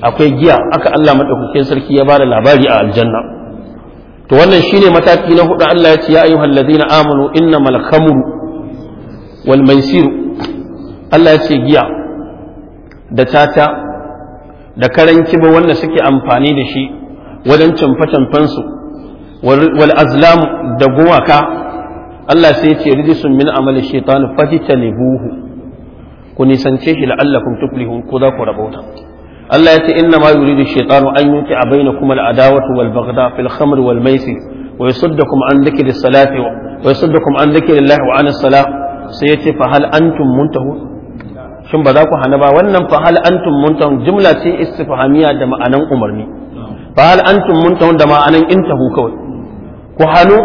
akwai giya aka Allah madaukakin sarki ya bada labari a aljanna to wannan shine mataki na hudu Allah ya ce ya ayyuhal amanu innamal khamru wal maisir Allah ya ce giya da tata da karan kiba wanda suke amfani da shi wajen canfa canfansu wal azlam da gumaka Allah sai ce rijisun min amali shaitan buhu ku nisance shi la'allakum tuflihun ko za ku rabauta Allah ya ce inna ma yuridu shaitan an yuti a bainakum al-adawatu wal baghda fil khamr wal maisir wa yasuddakum an dhikri salati wa yasuddakum an dhikri Allah wa an as-salah sai yace fa hal antum muntahun shin ba za ku hana ba wannan fa hal antum muntahun jumla ce istifhamiya da ma'anan umarni fa hal antum muntahun da ma'anan intahu kawai ku hanu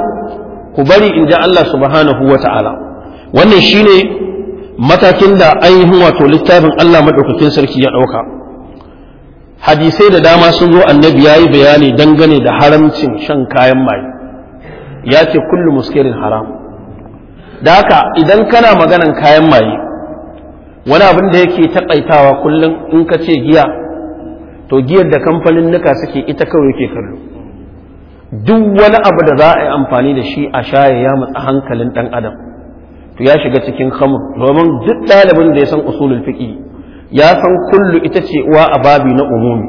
ku bari in ji Allah subhanahu wa ta'ala wannan shi ne matakin da ainihin wato littafin Allah maɗaukakin sarki ya ɗauka. hadisai da dama sun zo annabi yi bayani dangane da haramcin shan kayan maye ya ce kullu muskirin haram da haka idan kana maganan kayan maye wani abin da yake taƙaitawa kullum in ka ce giya to giyar da kamfanin nuka suke ita kawai ke kallo duk wani abu da za a yi amfani da shi a shaye ya matsa hankalin ɗan adam to ya shiga cikin khamr domin duk ɗalibin da ya san usulul fiƙi ya san kullu ita ce uwa a babi na umumi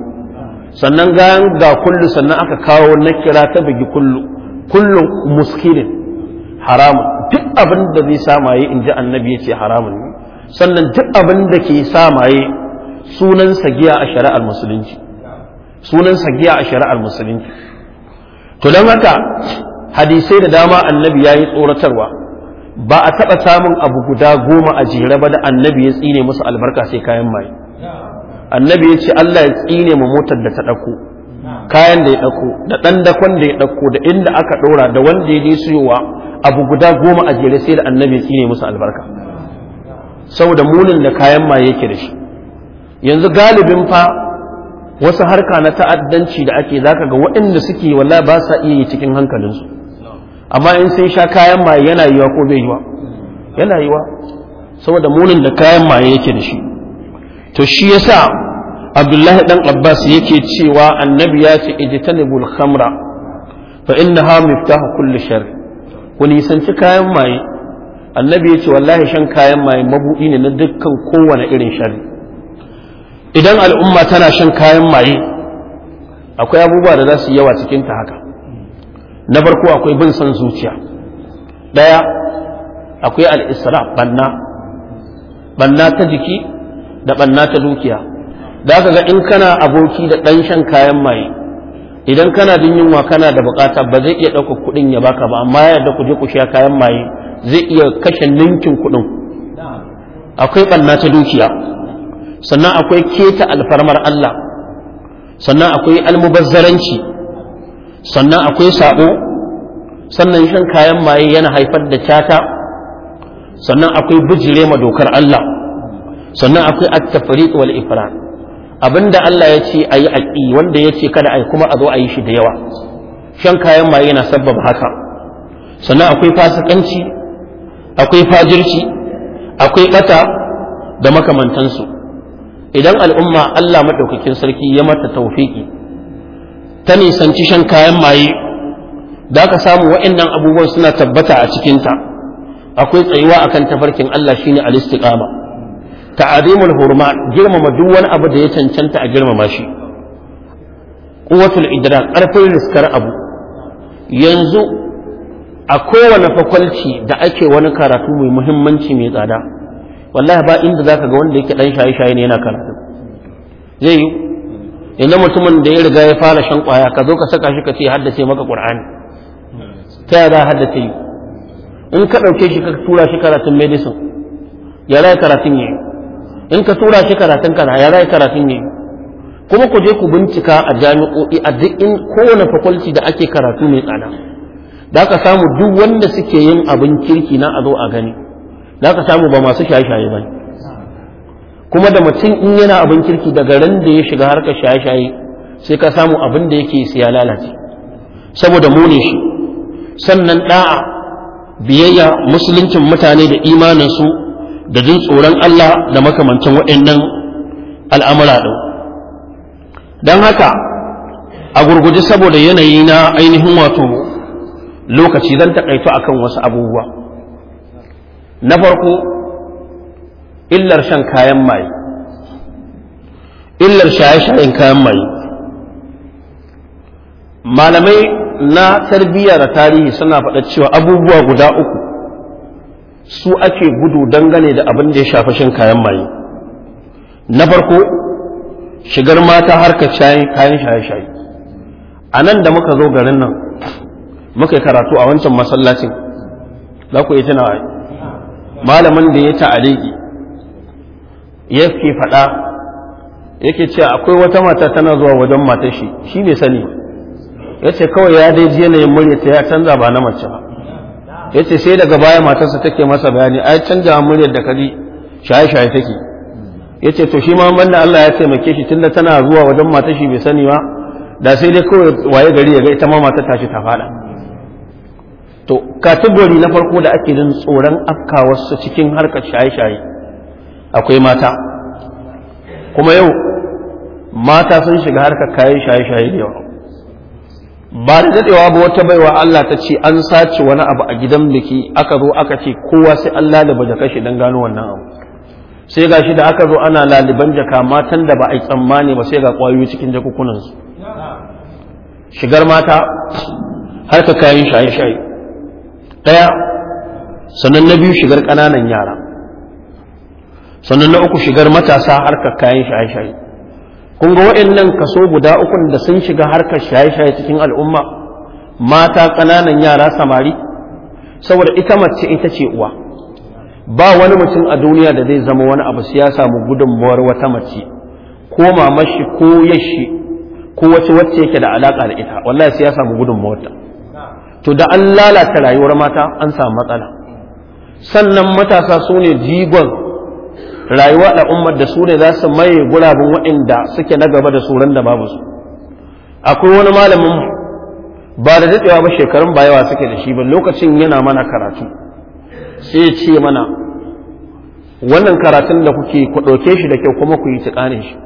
sannan gayan ga kullu sannan aka kawo nakira ta bugi kullu kullu muskilin haramun duk abin da zai samaye in ji annabi ya ce haramun ne sannan duk abin da ke samaye sunan giya a shari'ar musulunci sunan giya a shari'ar musulunci to don haka hadisai da dama annabi ya yi tsoratarwa ba a taɓa samun abu guda goma a jere ba da annabi ya tsine musu albarka sai kayan mai annabi ya ce Allah ya tsine mu motar da ta ɗauko kayan da ya dako da ɗan dakon da ya ɗauko da inda aka ɗora da wanda ya je siyowa abu guda goma a jere sai da annabi ya tsine musu albarka saboda munin da kayan maye yake da shi yanzu galibin fa wasu harka na ta'addanci da ake zaka ga waɗanda suke walla ba sa iya yi cikin hankalinsu amma in sun sha kayan maye yana yiwa ko bai yiwa yana yiwa saboda munin da kayan maye yake da shi to shi yasa abdullahi dan abbas yake cewa annabi ya ce ijtanibul khamra fa innaha miftahu kulli shar ku nisanci kayan maye annabi ya ce wallahi shan kayan maye mabuɗi ne na dukkan kowane irin sharri idan al'umma tana shan kayan maye akwai abubuwa da za su yawa cikin ta haka na farko akwai bin san zuciya ɗaya akwai al'isra banna banna ta jiki da banna ta dukiya da ka ga in kana aboki da ɗan shan kayan maye idan kana jin yunwa kana da bukata ba zai iya ɗaukar kuɗin ya baka ba amma yadda ku je ku sha kayan maye zai iya kashe ninkin kuɗin akwai banna ta dukiya sannan akwai keta alfarmar Allah sannan akwai almubazzaranci sannan akwai sabo sannan shan kayan maye yana haifar da cata sannan akwai bijire ma dokar Allah sannan akwai at-tafriq wal ifrat abinda Allah ya ce ayi aqi wanda ya ce kada ai kuma a zo ayi shi da yawa shan kayan maye yana sabbaba haka sannan akwai fasikanci akwai fajirci akwai bata da makamantansu idan al'umma Allah maɗaukakin sarki ya mata taufiki ta nisanci shan kayan maye da ka samu waɗannan abubuwan suna tabbata a cikinta akwai tsayuwa akan tafarkin Allah shine al-istiqama ta'azimul hurma girmama duk wani abu da ya cancanta a girmama shi quwwatul idrak ƙarfin riskar abu yanzu a kowane fakwalci da ake wani karatu mai muhimmanci mai tsada wallahi ba inda ka ga wanda yake dan shaye-shaye ne yana karatu zai yi ina mutumin da ya riga ya fara shan kwaya ka zo ka saka shi ka ce haddace maka qur'ani ta yaya za haddace yi in ka ɗauke shi ka tura shi karatun medicine ya rai karatun yi in ka tura shi karatun kana ya rai karatun yi kuma ku je ku bincika a jami'o'i a duk in kowane faculty da ake karatu mai tsada da aka samu duk wanda suke yin abin kirki na a zo a gani za ka samu ba masu shaye-shaye ba kuma da mutum in yana abin kirki daga ran da ya shiga harka shaye-shaye sai ka samu abin da yake siya lalace saboda mune shi sannan da'a biyayya musuluncin mutane da imaninsu da jin tsoron Allah da makamancin waɗannan al'amura ɗau. don haka a gurguji saboda yanayi na ainihin wato lokaci zan taƙaito akan wasu abubuwa na farko illar shan kayan maye illar shaye-shayen kayan maye malamai na tarbiyya da tarihi suna faɗa cewa abubuwa guda uku su ake gudu dangane da abin da ya shafi shan kayan maye na farko shigar mata harkar kayan shaye-shaye a nan da muka zo garin nan muka yi karatu a wancan masallacin za ku iya tuna malamin da ya ta'aliki yake faɗa yake ce akwai wata mata tana zuwa wajen matar shi shi bai sani ya ce kawai ya dai ji yanayin muryarta ya canza ba na mace ba ya ce sai daga baya matarsa take masa bayani ai wa muryar da kaji shaye-shaye take ya ce to shi ma banda Allah ya taimake shi tunda tana zuwa wajen matar shi bai sani ba da sai dai kawai waye gari ya ga ita ma matar tashi ta faɗa to kategori na farko da ake jin tsoron afkawarsu cikin harkar shaye-shaye akwai mata kuma yau mata sun shiga harka kayan shaye-shaye da yawa ba da daɗewa ba wata baiwa Allah ta ce an sace wani abu a gidan biki aka zo aka ce kowa sai an lalaba jaka shi don gano wannan abu sai ga shi da aka zo ana laliban jaka matan da ba a yi tsammani ba sai ga ƙwayoyi cikin jakukunansu shigar mata harka kayan shaye-shaye ɗaya sannan na biyu shigar ƙananan yara sannan na uku shigar matasa harkar kayan shaye-shaye kun ga waɗannan kaso guda ukun da sun shiga harkar shaye-shaye cikin al'umma mata ƙananan yara samari saboda ita mace ita ce uwa ba wani mutum a duniya da zai zama wani abu sai ya samu gudunmuwar wata mace ko mamashi ko yashi ko wace wacce yake da alaƙa da ita wallahi sai ya samu gudunmuwarta to da an lalata rayuwar mata an samu matsala sannan matasa su ne jigon rayuwa da umar da su ne za su maye gurabin waɗanda suke na gaba da tsoron da babu su akwai wani malamin ba da daɗewa ba shekarun ba yawa suke da shi ba lokacin yana mana karatu sai ce mana wannan karatun da kuke ku ɗauke shi da kyau kuma ku yi tuƙanin shi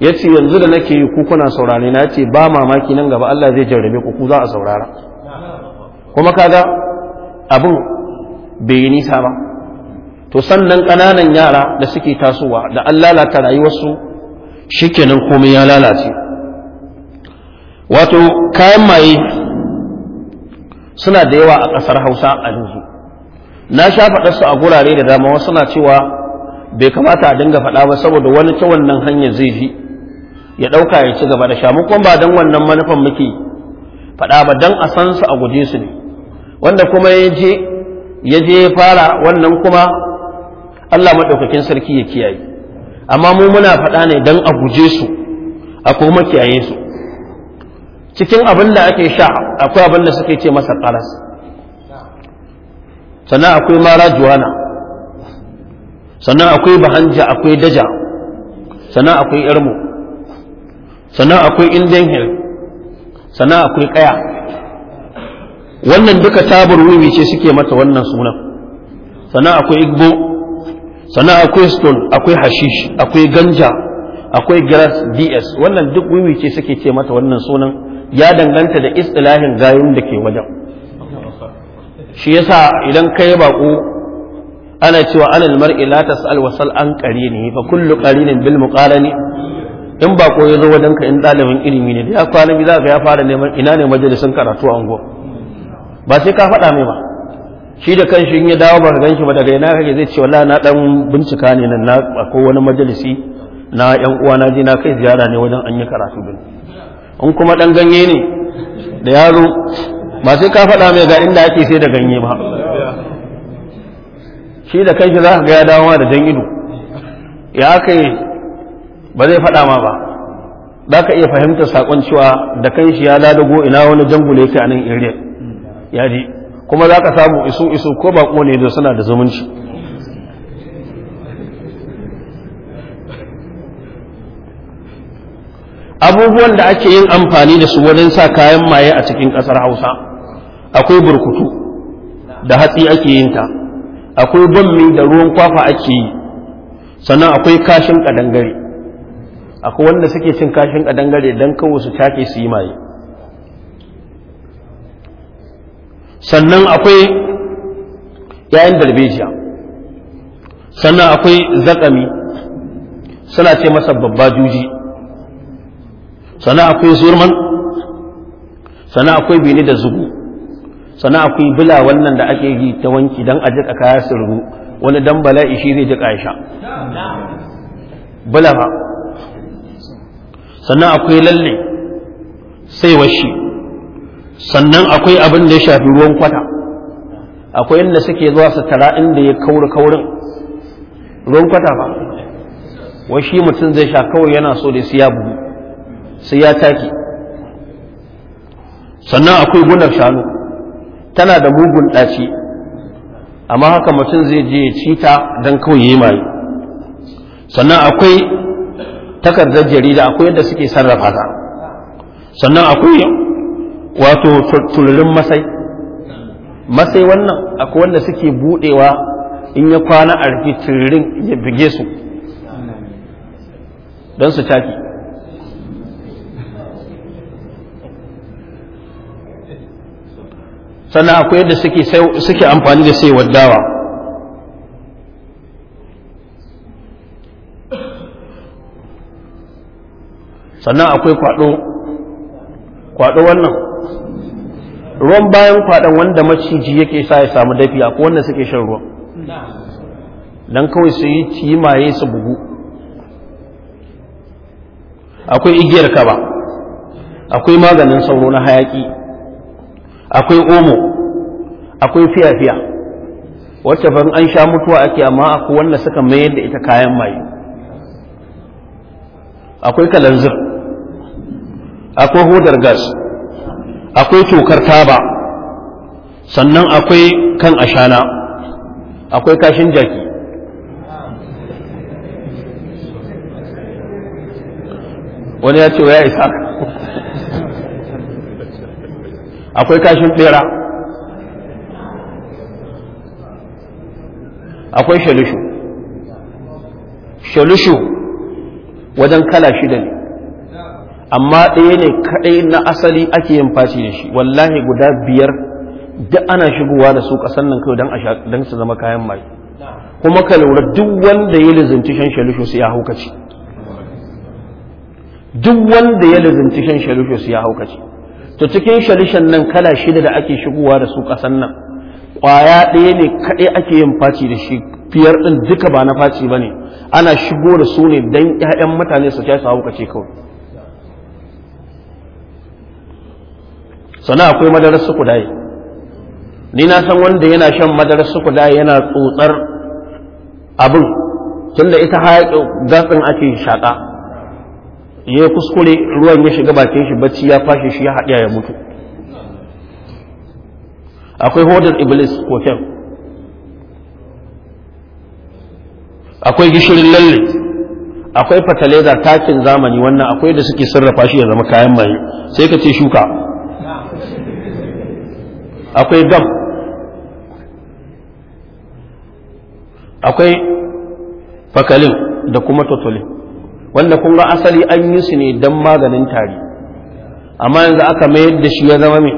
ya ce yanzu da nake yi ku kuna saurare na ce ba mamaki nan gaba Allah zai jarrabe ku ku za a saurara kuma kaga abin bai yi nisa ba to sannan ƙananan yara da suke tasowa da an lalata rayuwarsu shikenan komai ya lalace wato kayan maye suna da yawa a ƙasar hausa a yanzu na sha faɗarsu a gurare da dama wasu na cewa bai kamata a dinga faɗa ba saboda wani ta wannan hanyar zai fi ya ɗauka ya ci gaba da sha mu kuma ba don wannan manufan muke faɗa ba don a san su a guje su ne wanda kuma ya je ya je fara wannan kuma Allah maɗaukakin sarki ya kiyaye amma mu muna faɗa ne don a guje su a kuma kiyaye su cikin abin da ake sha akwai abin da suke ce masa ƙaras sannan akwai mara juwana sannan akwai bahanja akwai daja sannan akwai irmu sannan akwai indian hill sannan akwai kaya wannan duka tabar wiwi ce suke mata wannan sunan sannan akwai igbo sannan akwai stone akwai hashish akwai ganja akwai grass ds wannan duk wiwi ce suke ce mata wannan sunan ya danganta da istilahin gayun da ke wajen shi yasa idan kai bako ana cewa alal mar'i la tas'al wa sal an qarini fa kullu qarinin bil muqarani in bako ya yazo wajenka in dalibin ilimi ne da ya kwana bi za ka ya fara neman ina ne majalisin karatu a unguwa ba sai ka faɗa mai ba shi da kanshi in ya dawo ba gan shi ba daga yana kake zai ce wallahi na dan bincika ne nan na akwai wani majalisi na yan uwa na je na kai ziyara ne wajen an yi karatu din in kuma dan ganye ne da yaro ba sai ka faɗa mai ga inda ake sai da ganye ba shi da kanshi za ka ga ya dawo da jan ido ya aka yi ba zai faɗa ma ba za ka iya fahimtar saƙon cewa da kanshi ya lalago ina wani jangule yake a nan iriya Yadi, kuma za ka samu iso isu ko bako ne da suna da zumunci abubuwan da ake yin amfani da su wajen sa kayan maye a cikin ƙasar hausa akwai burkutu da hatsi ake yin ta akwai bammi da ruwan kwafa ake yi sannan akwai kashin ƙadangare akwai wanda suke cin kashin ƙadangare don kawo su take su yi maye sannan akwai ‘ya'yan darbejiya sannan akwai zakami suna ce masa babba juji sannan akwai zurman sannan akwai bini da zugu sannan akwai bila wannan da ake yi ta wanki don a jika kaya su rugu wani dan bala'i shi zai jika sha bila ba sannan akwai lalle sai washi sannan akwai abin da ya shafi ruwan kwata akwai inda suke zuwa su tara inda ya kauri kaurin ruwan kwata ba wai shi mutum zai sha kawai yana so da siya bugu sai ya taki sannan akwai gunar shanu tana da mugun ɗaci amma haka mutum zai je ya cita don kawai yi mai sannan akwai takardar jarida akwai yadda suke sarrafa ta sannan akwai wato tulurin masai masai wannan akwai wanda suke budewa in ya kwana a rufe tulurin ya bige su don su caki sannan akwai yadda suke amfani da sai dawa sannan akwai kwado kwado wannan ruwan bayan kwaɗan wanda maciji yake sa ya samu dafi a wanda suke shan ruwan don kawai su yi timaye su bugu akwai igiyar kaba akwai maganin sauro na hayaki akwai omo akwai fiya-fiya wacce ban an sha mutuwa ake amma akwai wanda suka mayar da ita kayan maye akwai kalanzir akwai hodar gas akwai tokar taba sannan akwai kan ashana akwai kashin jaki wani ya ce wa ya isa akwai kashin bera akwai shalishu shalishu wajen kala shida ne amma ɗaya ne kaɗai na asali ake yin fashi da shi wallahi guda biyar duk ana shigowa da su ƙasan nan kawai don su zama kayan mai kuma ka lura duk wanda ya lizinci shan shalushe su ya haukaci duk wanda ya lizinci shan shalushe su ya haukaci to cikin shalishan nan kala shida da ake shigowa da su ƙasan nan ƙwaya ɗaya ne kaɗai ake yin faci da shi fiyar ɗin duka ba na faci ba ne ana shigo da su ne don 'ya'yan mutane su kai su haukace kawai sannan akwai madarar kudaye. ni na san wanda yana shan madarar kudaye yana tsotsar abin tunda ita gas gatsin ake shaƙa ya kuskure ruwan ya shiga bakin shi bacci ya fashe shi ya haɗiya ya mutu akwai hodar iblis ko koken akwai gishirin lalle akwai fataleza takin zamani wannan akwai da suke sarrafa shi ya zama kayan mai sai ka ce shuka akwai gam akwai fakalin da kuma totolin wanda kun ga asali an yi su ne don maganin tari amma yanzu aka mayar da shi ya zama mai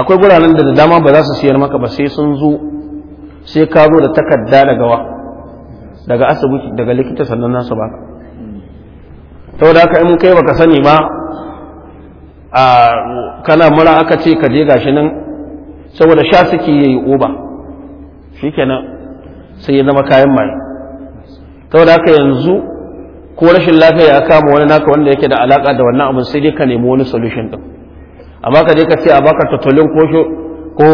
akwai guranin da dama ba za su siyar maka ba sai sun zo sai ka zo da takarda da gawa daga asibiti daga likita sannan nasu ba saboda haka in kai baka sani ba kana mura aka ce ka je gashi nan saboda sha suke yi oba kenan sai ya zama kayan maye saboda haka yanzu ko rashin lafiya ya kama wani naka wanda yake da alaka da wannan abin sai dai ka nemi wani solution din amma ka je ka ce a baka tattalin ko ko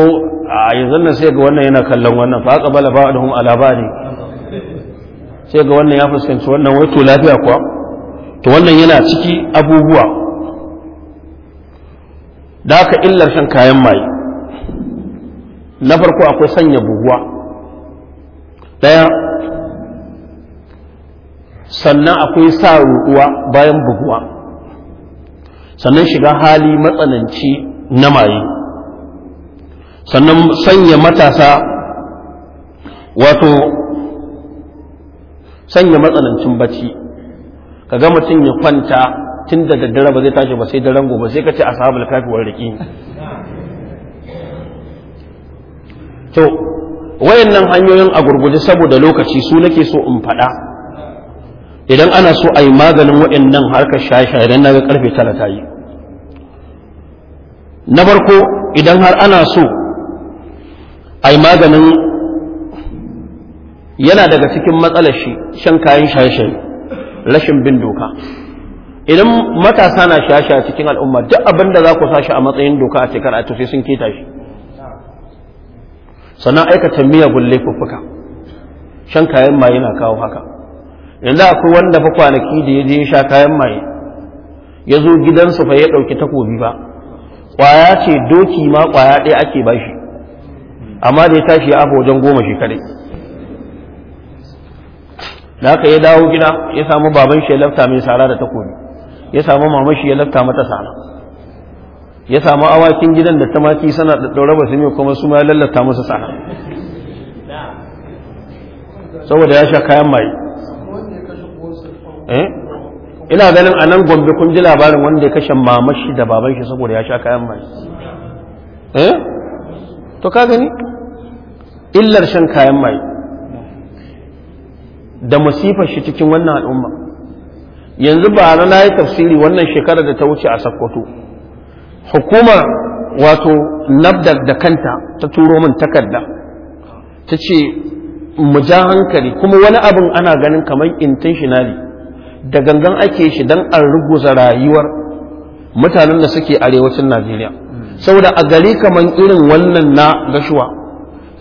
a yanzu nan sai ga wannan yana kallon wannan fa aka bala ba'dhum ala ba'di sai ga wannan ya fuskanci wannan wai to lafiya kuwa to wannan yana ciki abubuwa da haka illar shan kayan maye na farko akwai sanya buhuwa daya sannan akwai sa ruɗuwa bayan buhuwa sannan shiga hali matsananci na maye sannan sanya matasa wato sanya matsanancin bacci ka ga mutum ya kwanta tun da daddare ba zai tashi ba sai daren gobe sai ka ce ashabul kafi wal riƙi to wayannan hanyoyin a gurguje saboda lokaci su nake so in faɗa idan ana so a yi maganin wayannan harkar shasha idan na ga karfe tara ta yi na farko idan har ana so a yi maganin yana daga cikin matsalar shi shan kayan shaye rashin bin doka idan matasa na shashi a cikin al'umma duk abin da za ku sa a matsayin doka a shekara a sai sun keta shi sannan aikata miyagun laifuffuka shan kayan maye na kawo haka yanzu akwai wanda fa kwanaki da ya je ya sha kayan maye ya zo gidansu fa ya ɗauki takobi ba ƙwaya ce doki ma ƙwaya ɗaya ake bashi amma da ya tashi ya afa wajen goma shi kadai da haka ya dawo gida ya samu baban shi ya lafta mai sara da takobi ya samu mamashi ya lafta mata sana ya samu awakin gidan da tamaki sana da daure ba su ne kuma su ma lallata musu sana saboda ya sha kayan mai eh? ina ganin a nan gombe kun ji labarin wanda ya kashe mamashi da baban shi saboda ya sha kayan mai eh? to ka gani illar shan kayan mai da musifar shi cikin wannan al'umma yanzu ba na na yi tafsiri wannan shekarar da ta wuce a sakkwato hukuma wato nabdar da kanta ta turo min takarda ta ce mu ja hankali kuma wani abin ana ganin kamar intentionally da gangan ake shi don an ruguza rayuwar mutanen da suke arewacin najeriya saboda a gari kamar irin wannan na gashuwa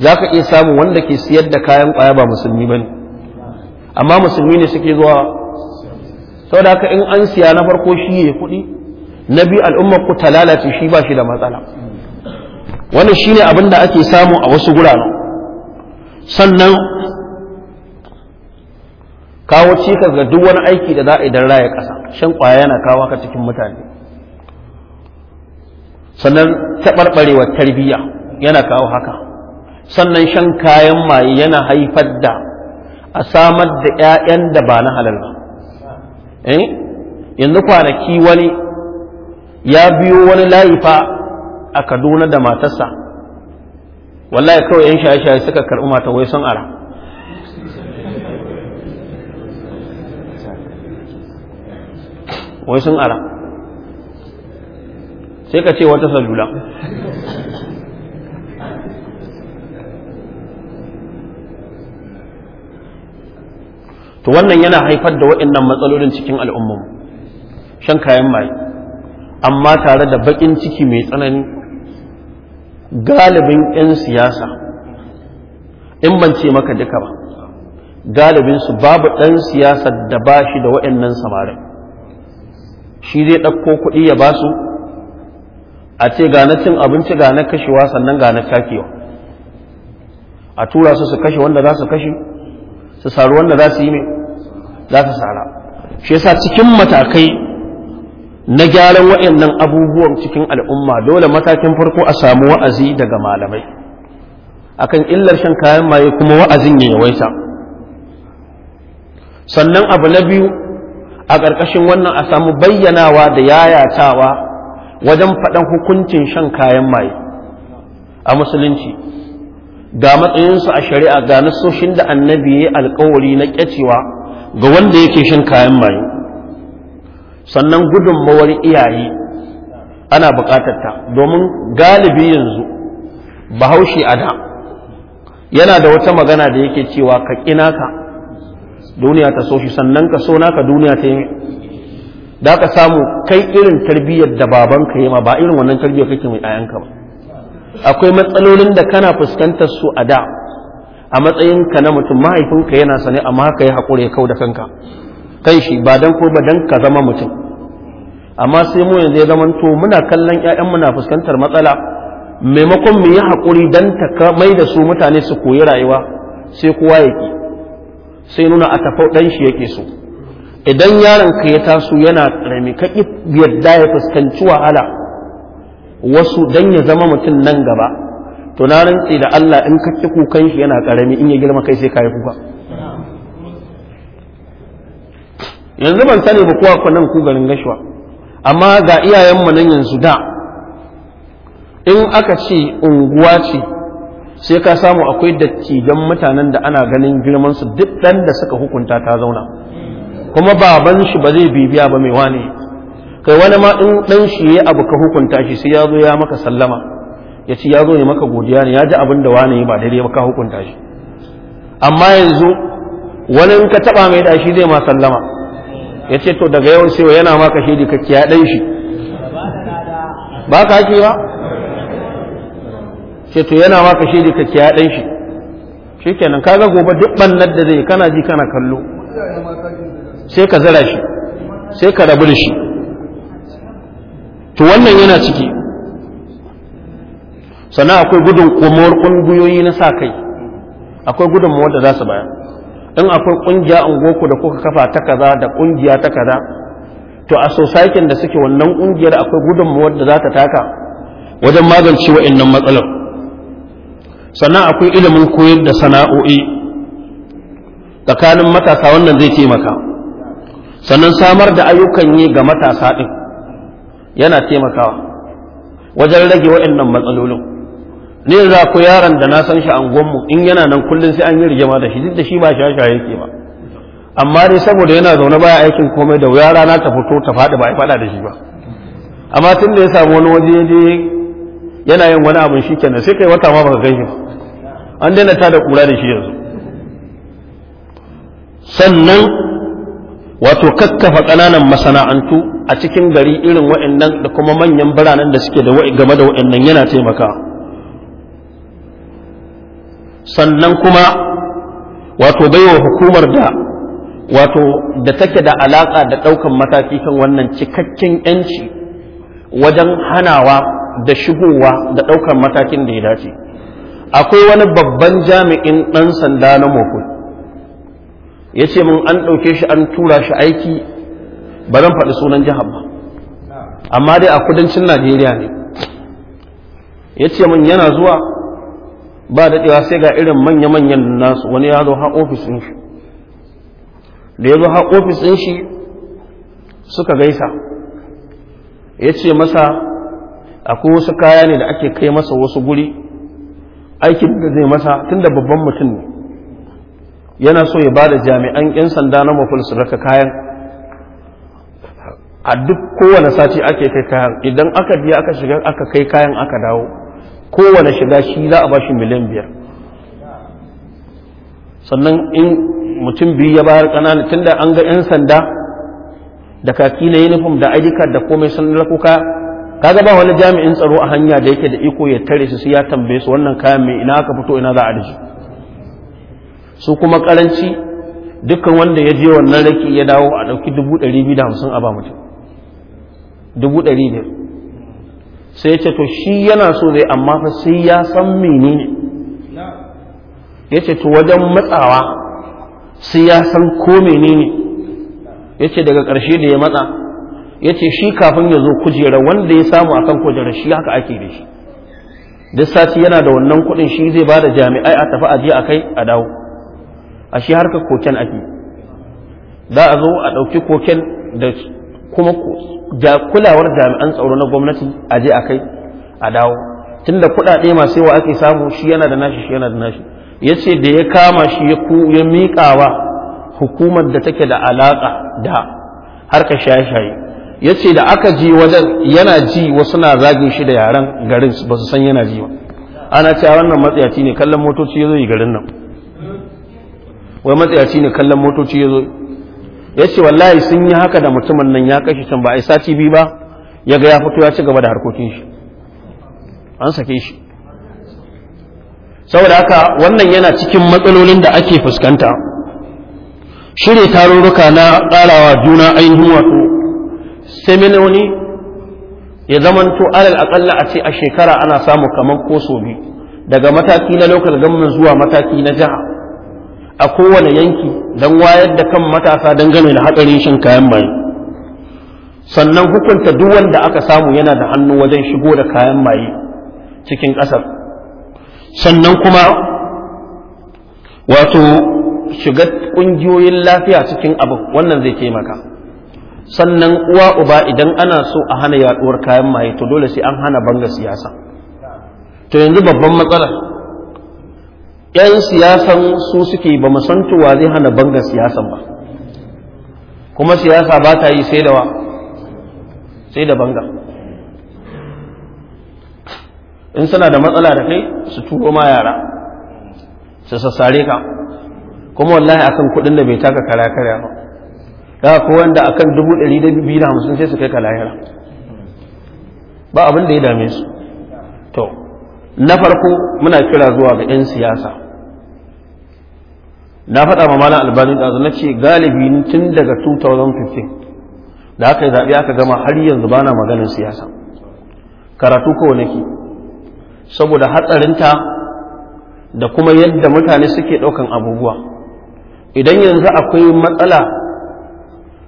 za ka iya samun wanda ke siyar da kayan kwaya ba musulmi ba ne amma musulmi ne suke zuwa saboda haka in an siya na farko shi ya kuɗi na biyu al'ummar ku ta lalace shi ba shi da matsala wannan ne abin da ake samu a wasu guraren sannan kawo cikas ga duk wani aiki da za a idan raya ƙasa shan ƙwaya yana kawo ka cikin mutane sannan taɓarɓarewar tarbiyya yana kawo haka sannan shan kayan maye yana haifar da a samar da 'ya'yan da ba na halal Eh? yanzu kwanaki wani ya biyo wani layifa a kaduna da matarsa wallahi kawai yan shaye-shaye suka karɓi mata wai sun ara wai sun ara sai ka ce wata salula to wannan yana haifar da waɗannan matsalolin cikin al'ummu shan kayan maye amma tare da baƙin ciki mai tsanani galibin 'yan siyasa in ban ce maka duka ba galibin su babu ɗan siyasa da ba shi da waɗannan samari shi zai ɗauko kuɗi ya ba su a ce ga cin abinci gane kashewa sannan gane a tura su su kashe wanda za su kashe su saru wanda za su yi mai za su sara shi yasa cikin matakai na gyaran waɗannan abubuwan cikin al'umma dole matakin farko a samu wa'azi daga malamai akan illar shan kayan maye kuma wa'azin ya yawaita sannan abu na biyu a ƙarƙashin wannan a samu bayyanawa da yayatawa wajen faɗan hukuncin shan kayan maye a musulunci ga matsayinsu a shari'a ga nasoshin da annabi ya alkawari na kyacewa ga wanda yake shan kayan mayu sannan gudunmawar iyaye ana buƙatar ta domin galibi yanzu bahaushe a da yana da wata magana da yake cewa ka ƙina duniya ta so sannan ka so naka duniya ta yi da ka samu kai irin tarbiyyar da babanka yi ma ba irin wannan tarbiyyar kake mai ayanka ba akwai matsalolin da kana fuskantar su a da a matsayinka na mutum mahaifinka yana sane amma haka ya haƙura ya kau da kanka kan shi ba dan ko ba dan ka zama mutum amma sai mu yanzu ya zama, to muna kallon ƴaƴan muna fuskantar matsala maimakon mu yi haƙuri dan ta mai da su mutane su koyi rayuwa sai kowa ya ki sai nuna a tafau dan shi yake so idan yaron ka ya taso yana ƙarami ka yadda ya fuskanci wahala wasu dan ya zama mutum nan gaba to na rantsi da Allah in ka ki kukan shi yana karami in ya girma kai sai ka kai kuka yanzu ban sani ba kowa ku nan ku garin gashuwa amma ga iyayen mu nan yanzu da in aka ce unguwa ce sai ka samu akwai dattijan mutanen da ana ganin girman su duk dan da suka hukunta ta zauna kuma baban shi ba zai bibiya ba mai wane kai wani ma in dan shi yayi abu ka hukunta shi sai ya zo ya maka sallama ya ce ya zo ne maka godiya ne ya ji abin da wani ba daidai ba ka hukunta shi amma yanzu wani in ka taba mai dashi zai ma sallama ya ce to daga yau sai yana maka shedi ka kiya dan shi ba ka ake ba ce to yana maka shedi ka kiya dan shi shikenan kaga gobe duk bannar da zai kana ji kana kallo sai ka zara shi sai ka rabu da shi to wannan yana ciki sannan akwai gudun komowar ƙungiyoyi na sa kai akwai gudun da za su baya in akwai ƙungiya ungoku da kuka kafa ta kaza da ƙungiya ta kaza to a sosakin da suke wannan ƙungiyar akwai gudun da za ta taka wajen magance wa'annan matsalar sannan akwai ilimin koyar da sana'o'i tsakanin matasa wannan zai taimaka sannan samar da ayyukan yi ga matasa ɗin yana taimakawa wajen rage waɗannan matsalolin ne za ku yaron da na san shi mu in yana nan kullum sai an yi rigima da shi duk da shi ba shasha yake ba amma dai saboda yana zaune baya aikin komai da wuya rana ta fito ta faɗi ba a faɗa da shi ba amma tun da ya samu wani waje je yana yin wani abin shi kenan sai kai wata ma baka gan shi ba an daina ta da kura da shi yanzu sannan wato kakkafa ƙananan masana'antu a cikin gari irin wa'annan da kuma manyan biranen da suke da game da wa'annan yana taimaka sannan kuma wato baiwa hukumar da wato da take da alaƙa da ɗaukan mataki kan wannan cikakken yanci wajen hanawa da shigowa da ɗaukan matakin da ya dace akwai wani babban jami'in ɗan sanda na mokul ya ce mun an ɗauke shi an tura shi aiki ba zan faɗi sunan jihar ba amma dai a kudancin najeriya ne ya ce mun yana zuwa ba daɗewa sai ga irin manya-manyan nasu wani ya zo ha ofis shi da ya zo ha ofis ɗin shi suka gaisa ya ce masa akwai wasu kaya ne da ake kai masa wasu guri aikin da zai masa tun da babban mutum ne yana so ya ba da jami'an 'yan sanda na maful raka kayan a duk kowane sati ake kai kayan idan aka biya aka shiga aka kai kayan aka dawo kowane shiga shi za a bashi miliyan biyar sannan in mutum biyu ya bayar ƙanana tunda an ga 'yan sanda da kaki na yunifom da ID da komai sun kuka kaga ba wani jami'in tsaro a hanya da yake da iko ya tare su sai ya tambaye su wannan kayan mai ina aka fito ina za a da shi su kuma karanci dukkan wanda ya je wannan raki ya dawo a ɗauki dubu ɗari biyu da hamsin a ba mutum dubu ɗari biyar sai ya ce to shi yana so zai amma fa sai ya san menene ya ce to wajen matsawa sai ya san ko menene ya ce daga ƙarshe da ya matsa ya ce shi kafin ya zo kujera wanda ya samu a kan kujerar shi haka ake da shi duk sati yana da wannan kuɗin shi zai ba da jami'ai a tafi ajiye a kai a dawo a shi harkar koken ake za a zo a ɗauki koken da kuma kulawar jami'an tsaro na gwamnati a je a kai a dawo tunda kuɗaɗe masu yawa ake samu shi yana da nashi shi yana da nashi ya ce da ya kama shi ya miƙawa hukumar da take da alaƙa da harkar shaye-shaye ya ce da aka ji wajen yana ji wasu na zage shi da yaren garin ba su san yana ji ba ana cewa wannan matsayaci ne kallon motoci ya zo yi garin nan wai matsayaci ne kallon motoci ya zo ya ce wallahi sun yi haka da mutumin nan ya kashe can ba a sati biyu ba ya ga ya fito ya ci gaba da harkokin shi an sake shi saboda haka wannan yana cikin matsalolin da ake fuskanta shirya tarurruka na ƙarawa juna ainihin wato seminoni ya zamanto alal akalla a ce a shekara ana samu kamar ko so daga mataki na lokal gamman zuwa mataki na jiha a kowane yanki don wayar da kan matasa dangane da hatsarin shan kayan maye sannan hukunta duk wanda aka samu yana da hannu wajen shigo da kayan maye cikin ƙasar sannan kuma wato shiga ƙungiyoyin lafiya cikin abu wannan zai taimaka sannan uwa uba idan ana so a hana yaɗuwar kayan maye to dole sai an hana banga siyasa to yanzu babban matsalar 'yan siyasan su suke ba musantuwa zai hana banga siyasan ba kuma siyasa ba ta yi sai da wa sai da banga in suna da matsala da kai su turo ma yara su sassare ka kuma wallahi akan kuɗin da bai taka kara kare ba Ga ku wanda akan dubu ɗari da biyu da hamsin sai su kai ka lahira ba abin da ya dame su na farko muna kira zuwa ga 'yan siyasa na faɗa ma malam albani ɗazu na ce galibi tun daga 2015 da aka yi zaɓe aka gama har yanzu bana maganin siyasa karatu kawai nake saboda hatsarinta da kuma yadda mutane suke ɗaukan abubuwa idan yanzu akwai matsala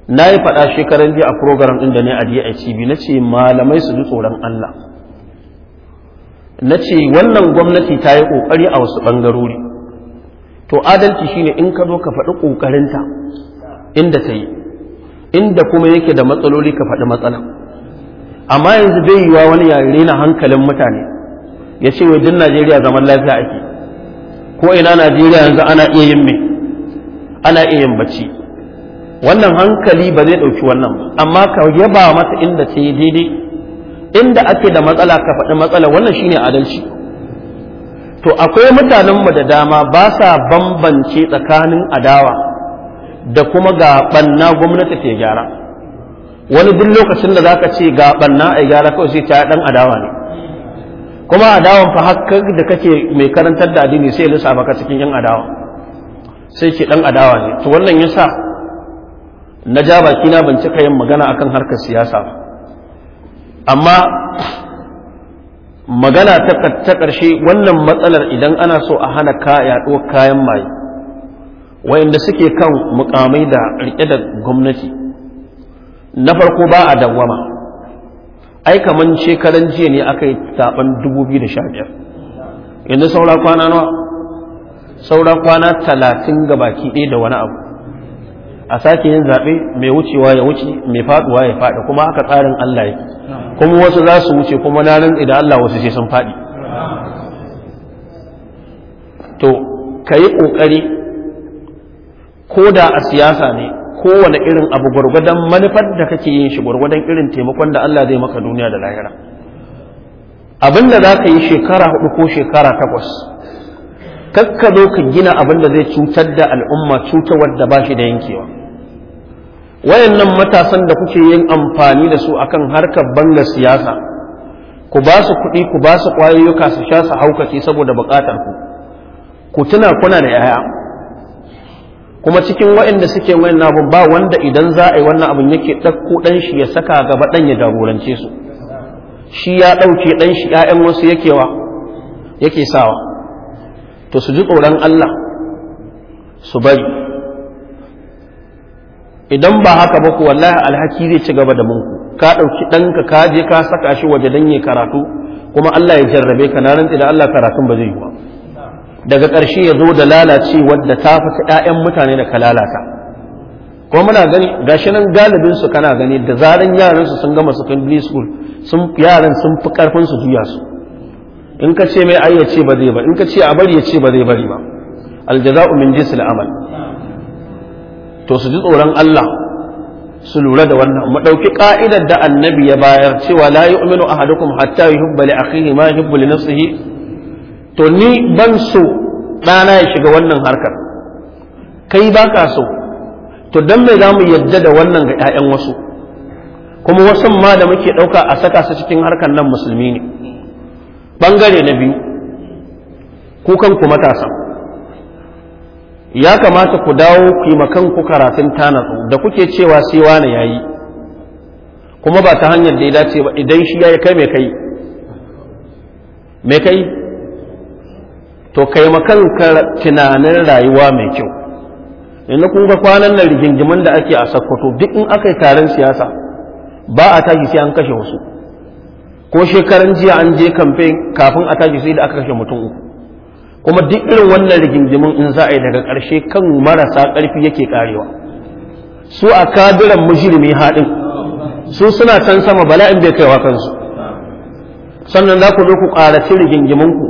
na yi faɗa shekaran biyu a program ɗin da ne a DITB na ce malamai su ji tsoron Allah na ce wannan gwamnati ta yi ƙoƙari a wasu ɓangarori to adalci shine in ka zo ka faɗi ƙoƙarinta inda ta yi inda kuma yake da matsaloli ka faɗi matsala amma yanzu bai yiwa wani yare na hankalin mutane ya ce wai duk najeriya zaman lafiya ake ko ina najeriya yanzu ana iya yin mai ana iya yin bacci wannan hankali ba zai ɗauki wannan ba amma ka yaba mata inda ta yi daidai inda ake da matsala ka faɗi matsala wannan shine adalci to akwai mutanenmu da dama ba sa bambance tsakanin adawa da kuma ga ɓanna gwamnati ta gyara wani duk lokacin da zaka ce ga ɓanna a gyara kawai sai ta ɗan adawa ne kuma adawan fa hakkar da kake mai karantar da addini sai lissa baka cikin yan adawa sai ce ɗan adawa ne to wannan yasa na ja baki na bincika yin magana akan harkar siyasa ba. amma magana ta ƙarshe wannan matsalar idan ana so a hana yaɗo kayan maye wayanda suke kan mukamai da rike da gwamnati na farko ba a dawwama ai kaman shekaran jiya ne aka yi taɓan 2015 yanzu saura kwana nawa saura kwana talatin ga baki ɗaya da wani abu a sake yin zaɓe mai wucewa ya wuce mai faɗuwa ya faɗi kuma aka tsarin Allah ya kuma wasu za su wuce kuma na nan idan Allah wasu sai sun faɗi to ka yi ƙoƙari ko da a siyasa ne kowane irin abu gwargwadon manufar da kake yin shi gwargwadon irin taimakon da Allah zai maka duniya da lahira abin da za ka yi shekara hudu ko shekara takwas kakka zo ka gina abin da zai cutar da al'umma cutar wadda ba shi da yankewa wayannan matasan da kuke yin amfani da su akan harkar banga siyasa ku ba su kuɗi ku ba su ƙwayoyuka su sha su haukace saboda buƙatar ku ku tuna kuna da yaya kuma cikin wayanda suke wayan abun ba wanda idan za a yi wannan abun yake ɗauko ɗan shi ya saka gaba ɗan ya jagorance su shi ya ɗauke ɗan shi ‘ya'yan wasu wa yake sawa to su ji tsoron Allah su bari idan ba haka ba ku wallahi alhaki zai ci gaba da munku ka ɗauki ɗanka ka je ka saka shi waje dan ya karatu kuma Allah ya jarrabe ka na rantsi da Allah karatun ba zai yi ba daga ƙarshe ya zo da lalace wadda ta fita ‘ya'yan mutane da ka lalata kuma muna gani gashi nan galibin su kana gani da zaran yaran su sun gama secondary school sun yaran sun fi karfin su juya su in ka ce mai ai ce ba zai ba in ka ce a bari ya ce ba zai bari ba aljaza'u min jinsil amal to su ji tsoron Allah su lura da wannan mu ɗauki ƙa'idar da annabi ya bayar cewa la yu'minu ahadukum hatta yuhibba li akhihi ma yuhibbu li nafsihi to ni ban so ɗana ya shiga wannan harkar kai ba ka so to dan me zamu yadda da wannan ga 'ya'yan wasu kuma wasu ma da muke ɗauka a saka su cikin harkar nan musulmi ne bangare na biyu kukan ku matasan. ya kamata ku dawo ku yi ku karatun tanatsu da kuke cewa sai wani yayi kuma ba ta hanyar da ya dace ba idan shi yayi kai mai kai mai kai to kai tunanin rayuwa mai kyau yanzu kun ga kwanan nan rigingimin da ake a sakkwato duk in aka yi taron siyasa ba a tashi sai an kashe wasu ko shekaran jiya an je kamfe kafin a tashi sai da aka kashe mutum uku kuma duk irin wannan rigingimin in za a yi daga ƙarshe kan marasa ƙarfi yake ƙarewa su a kadiran mujirmi haɗin su suna can sama bala'in bai kaiwa kansu sannan za ku zo ku ƙaraci rigingiminku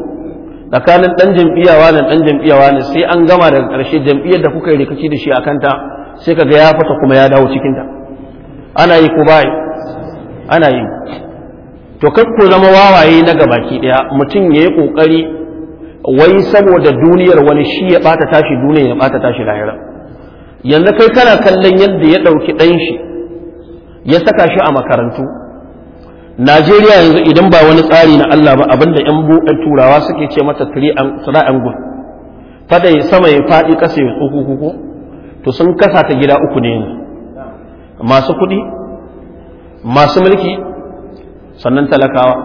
tsakanin ɗan jam'iyyawa ne ɗan jam'iyyawa ne sai an gama daga ƙarshe jam'iyyar da kuka yi rikici da shi a kanta sai ka ga ya fata kuma ya dawo cikinta ana yi ko bai ana yi to kai ko zama wawaye na gabaki ɗaya mutum ya yi ƙoƙari wai saboda duniyar wani shi ya ɓata tashi duniya ya ɓata tashi lahira yanzu kai kana kallon yadda ya ɗauki ɗan shi ya saka shi a makarantu najeriya yanzu idan ba wani tsari na allah ba abinda yan buɗe turawa suke ce mata gud fada ya sama ya faɗi ƙasa ya tsukuku to sun kasa ta gida uku ne masu kuɗi masu mulki sannan talakawa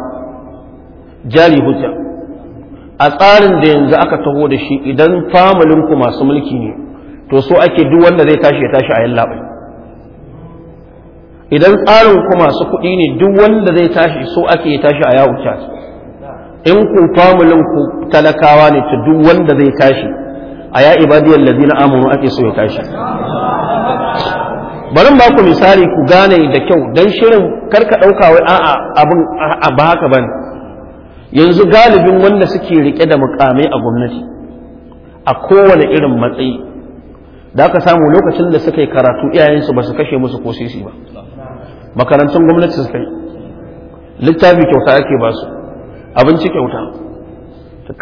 jari hujja a tsarin da yanzu aka taho da shi idan famalin ku masu mulki ne to so ake duk wanda zai tashi ya tashi a bai idan tsarin ku masu kuɗi ne duk wanda zai tashi so ake ya tashi a yawo kyas in ku famulin ku talakawa ne to duk wanda zai tashi a ya ibadiyar lazina amuru ake so ya tashi bari ba ku misali ku gane da kyau don shirin karka ɗauka wai a'a abin ba haka bane yanzu galibin wanda suke rike da mukamai a gwamnati a kowane irin matsayi da aka samu lokacin da suka yi karatu iyayensu ba su kashe musu ko sisi ba makarantun gwamnati su kai littafi kyauta ake ba su abinci kyauta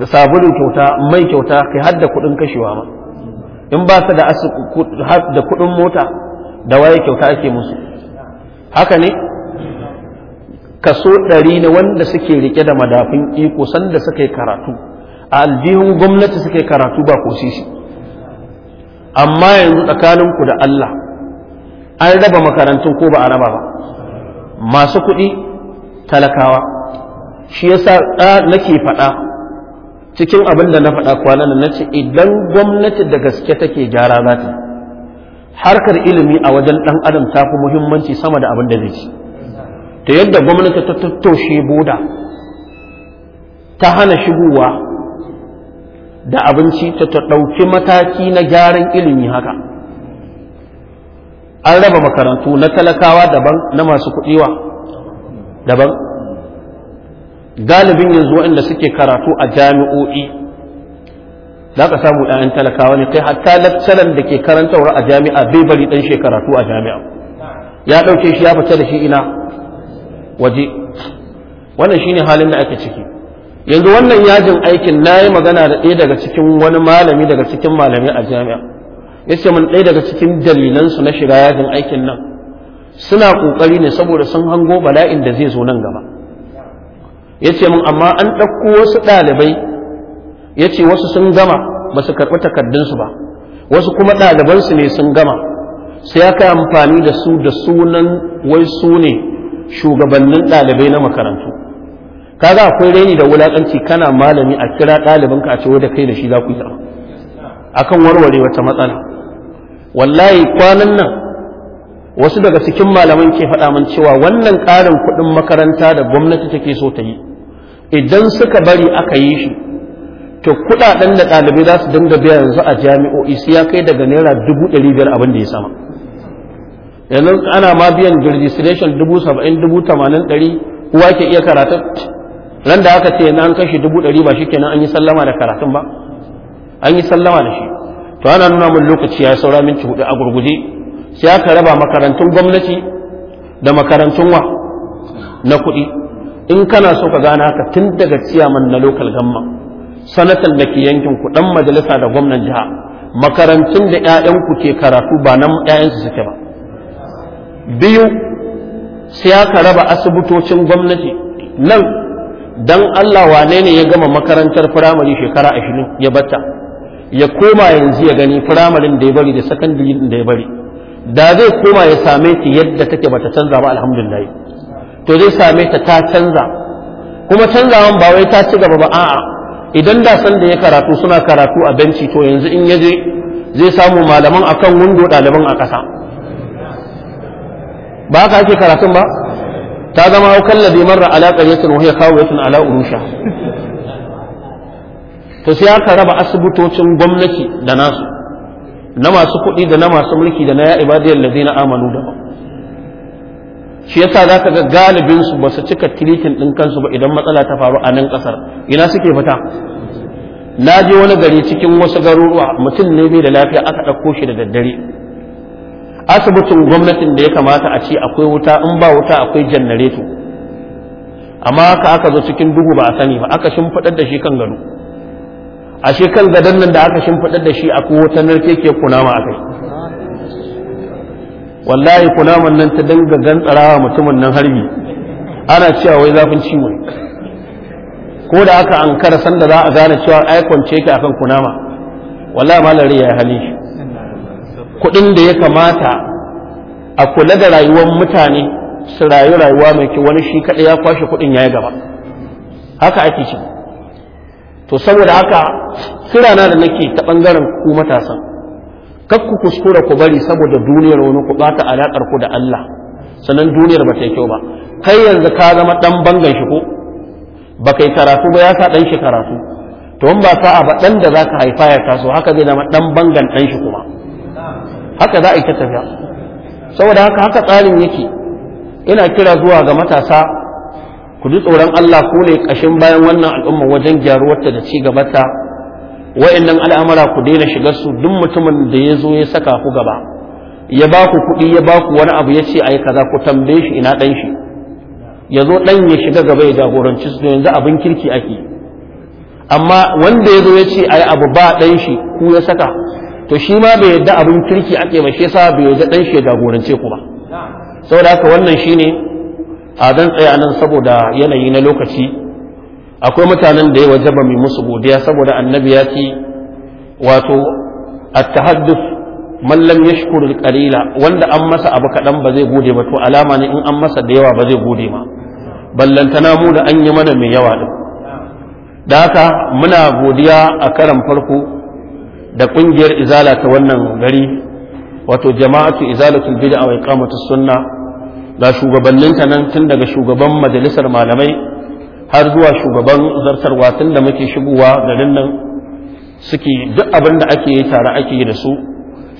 sabulu kyauta mai kyauta kai har da kuɗin kashewa ma in ba su da kuɗin mota da waye kyauta ake musu haka ne kaso ɗari ne wanda suke rike da madafin iko sanda suka karatu a aljihun gwamnati suka yi karatu ba kusi shi amma yanzu tsakaninku da Allah an raba makarantun ko ba a raba ba masu kuɗi talakawa shi yasa nake faɗa cikin abin da na faɗa kwanan na ce idan gwamnati da gaske take gyara za ta harkar ilimi a wajen ɗan adam ta fi muhimmanci sama da abin da zai ci ta yadda gwamnati ta tattaushe boda ta hana shigowa da abinci ta ta ɗauki mataki na gyaran ilimi haka an raba makarantu na talakawa daban na masu kuɗiwa daban galibin yanzu waɗanda suke karatu a jami'o'i za ka samu ɗayan talakawa ne kai hatta lakcaran da ke karantarwa a jami'a bai bari ɗan shekaratu a jami'a ya ɗauke shi ya fita da shi ina waje wannan shine halin da ake ciki yanzu wannan yajin aikin na yi magana da ɗaya daga cikin wani malami daga cikin malami a jami'a ya ce min ɗaya daga cikin dalilansu na shiga yajin aikin nan suna ƙoƙari ne saboda sun hango bala'in da zai zo nan gaba ya ce min amma an ɗauko wasu ɗalibai ya ce wasu sun gama ba su karɓi takardunsu ba wasu kuma ɗalibansu ne sun gama sai aka amfani da su da sunan wai su ne shugabannin ɗalibai na makarantu kaga akwai raini da wulaƙanci kana malami a kira ɗalibinka a cewa da kai da shi za ku yi akan warware wata matsala wallahi kwanan nan wasu daga cikin malaman ke faɗa min cewa wannan ƙarin kuɗin makaranta da gwamnati take so ta yi idan suka bari aka yi shi to kuɗaɗen da ɗalibai za su dinga biya yanzu a jami'o'i su ya kai daga naira dubu ɗari biyar abin da ya sama yanzu ana ma biyan registration dubu saba'in dubu tamanin ɗari uwa ke iya karatun ran da aka ce na an kashe dubu ɗari ba shi kenan an yi sallama da karatun ba an yi sallama da shi to ana nuna min lokaci ya saura minti hudu a gurguje sai aka raba makarantun gwamnati da makarantun wa na kuɗi in kana so ka gane haka tun daga ciyaman na lokal gamma sanatar da ke yankin ku dan majalisa da gwamnan jiha makarantun da 'ya'yanku ke karatu ba nan 'ya'yansu suke ba biyu sai aka raba asibitocin gwamnati nan dan Allah wane ne ya gama makarantar firamare shekara ashirin ya batta ya koma yanzu ya gani firamarin da ya bari da sakandare da ya bari da zai koma ya same ta yadda take bata canza ba alhamdulillah to zai same ta ta canza kuma canzawan ba wai ta ci gaba ba a'a idan da san da ya karatu suna karatu a benci to yanzu in ya je zai samu malaman akan wando ɗaliban a ƙasa ba haka ake karatun ba ta zama haukan ladi marra ala qaryatin wa hiya khawiyatun ala urusha to sai aka raba asibitocin gwamnati da nasu na masu kuɗi da na masu mulki da na ya ibadiyar na amanu da shi yasa za ka ga galibin su ba su cika tilitin ɗin kansu ba idan matsala ta faru a nan ƙasar ina suke fita na je wani gari cikin wasu garuruwa mutum ne bai da lafiya aka ɗauko shi da daddare asibitin gwamnatin da ya kamata a ce akwai wuta in ba wuta akwai janareto amma haka aka zo cikin duhu ba a sani ba aka shimfiɗar da shi kan gado ashe kan gadon nan da aka shimfiɗar da shi akwai wata narke ke kunama a kai wallahi kunaman nan ta dinga gantsarawa mutumin nan harbi ana cewa wai zafin ciwo ko da aka ankara sanda za a gane cewa ai kwance yake akan kunama wallahi malari ya yi hali shi kuɗin da ya kamata a kula da rayuwar mutane su rayu rayuwa mai kyau wani shi kaɗai ya kwashe kuɗin ya yi gaba haka ake ci to saboda haka kirana da nake ta ɓangaren ku matasan kar ku kuskura ku bari saboda duniyar wani ku ɓata alaƙar ku da Allah sannan duniyar ba ta yi kyau ba kai yanzu ka zama ɗan bangan shi ko ba kai karatu ba ya sa ɗan shi karatu to ba sa'a ba ɗan da za ka haifa ya taso haka zai zama ɗan bangan ɗan shi kuma haka za a yi ta tafiya saboda haka haka tsarin yake ina kira zuwa ga matasa ku ji tsoron Allah ku ne ƙashin bayan wannan al'umma wajen gyaruwarta da ci gabata wa'annan al'amara ku daina shigar su duk mutumin da ya zo ya saka ku gaba ya ba ku kuɗi ya ba ku wani abu ya ce a yi kaza ku tambaye shi ina ɗan shi ya zo ɗan ya shiga gaba ya jagoranci su yanzu abin kirki ake amma wanda ya zo ya ce a yi abu ba ɗan shi ku ya saka to shi ma bai yadda abin kirki ake mai shi yasa bai yadda ɗan shi ya jagorance ku ba saboda haka wannan shine a dan tsaya nan saboda yanayi na lokaci akwai mutanen da ya wajaba mai musu godiya saboda annabi ya ce wato at-tahadduth man lam yashkuru al-qalila wanda an masa abu kaɗan ba zai gode ba to alama ne in an masa da yawa ba zai gode ma ballantana mu da an yi mana mai yawa din da haka muna godiya a karan farko da kungiyar izala ta wannan gari wato jama'atu izalatul bid'a wa iqamatus sunna ga ta nan tun daga shugaban majalisar malamai har zuwa shugaban zartarwa tun da muke shigowa garin nan suke duk abin da ake yi tare ake yi da su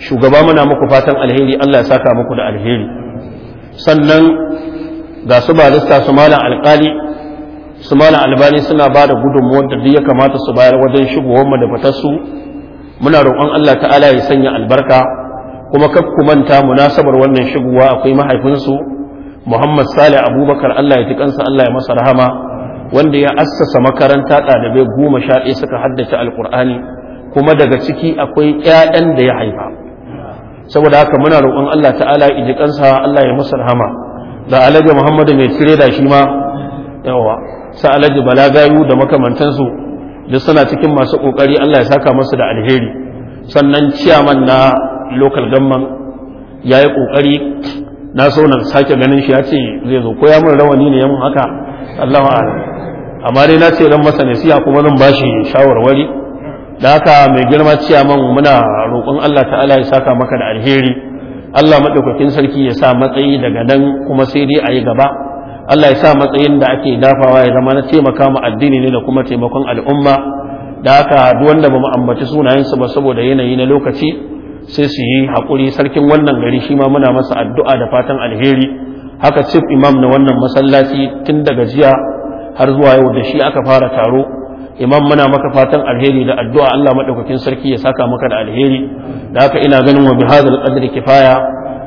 shugaba muna muku fatan alheri Allah ya saka muku da alheri sannan ga su balista su malam alƙali su malam albani suna ba da gudunmuwar da duk ya kamata su bayar wajen shigowar mu da fitar su muna roƙon Allah ta'ala ya sanya albarka kuma kar ku manta munasabar wannan shigowa akwai mahaifinsu Muhammad sale Abubakar Allah ya tikansa Allah ya masa rahama wanda ya assasa makaranta ɗalibai goma sha ɗaya suka haddace alƙur'ani kuma daga ciki akwai ƴaƴan da ya haifa saboda haka muna roƙon Allah ta'ala ya ji Allah ya masa rahama da Alhaji Muhammad mai cire da shi ma yawa sa Alhaji Balagayu da makamantansu duk suna cikin masu ƙoƙari Allah ya saka masu da alheri sannan ciyaman na local gamman ya yi ƙoƙari na so na sake ganin shi ya ce zai zo ko ya mun rawani ne ya mun haka Allahu amma dai na ce dan masa siya kuma zan bashi shawarwari da haka mai girma ciyaman muna roƙon Allah ta'ala ya saka maka da alheri Allah madaukakin sarki ya sa matsayi daga nan kuma sai dai a yi gaba Allah ya sa matsayin da ake dafawa ya zama na taimaka mu addini ne da kuma taimakon al'umma da haka duk wanda ba mu ambaci sunayensu ba saboda yanayi na lokaci sai su yi haƙuri sarkin wannan gari shi ma muna masa addu'a da fatan alheri haka cif imam na wannan masallaci tun daga jiya har zuwa yau da shi aka fara taro imam muna maka fatan alheri da addu'a Allah madaukakin sarki ya saka maka da alheri da haka ina ganin wa bihadhal qadri kifaya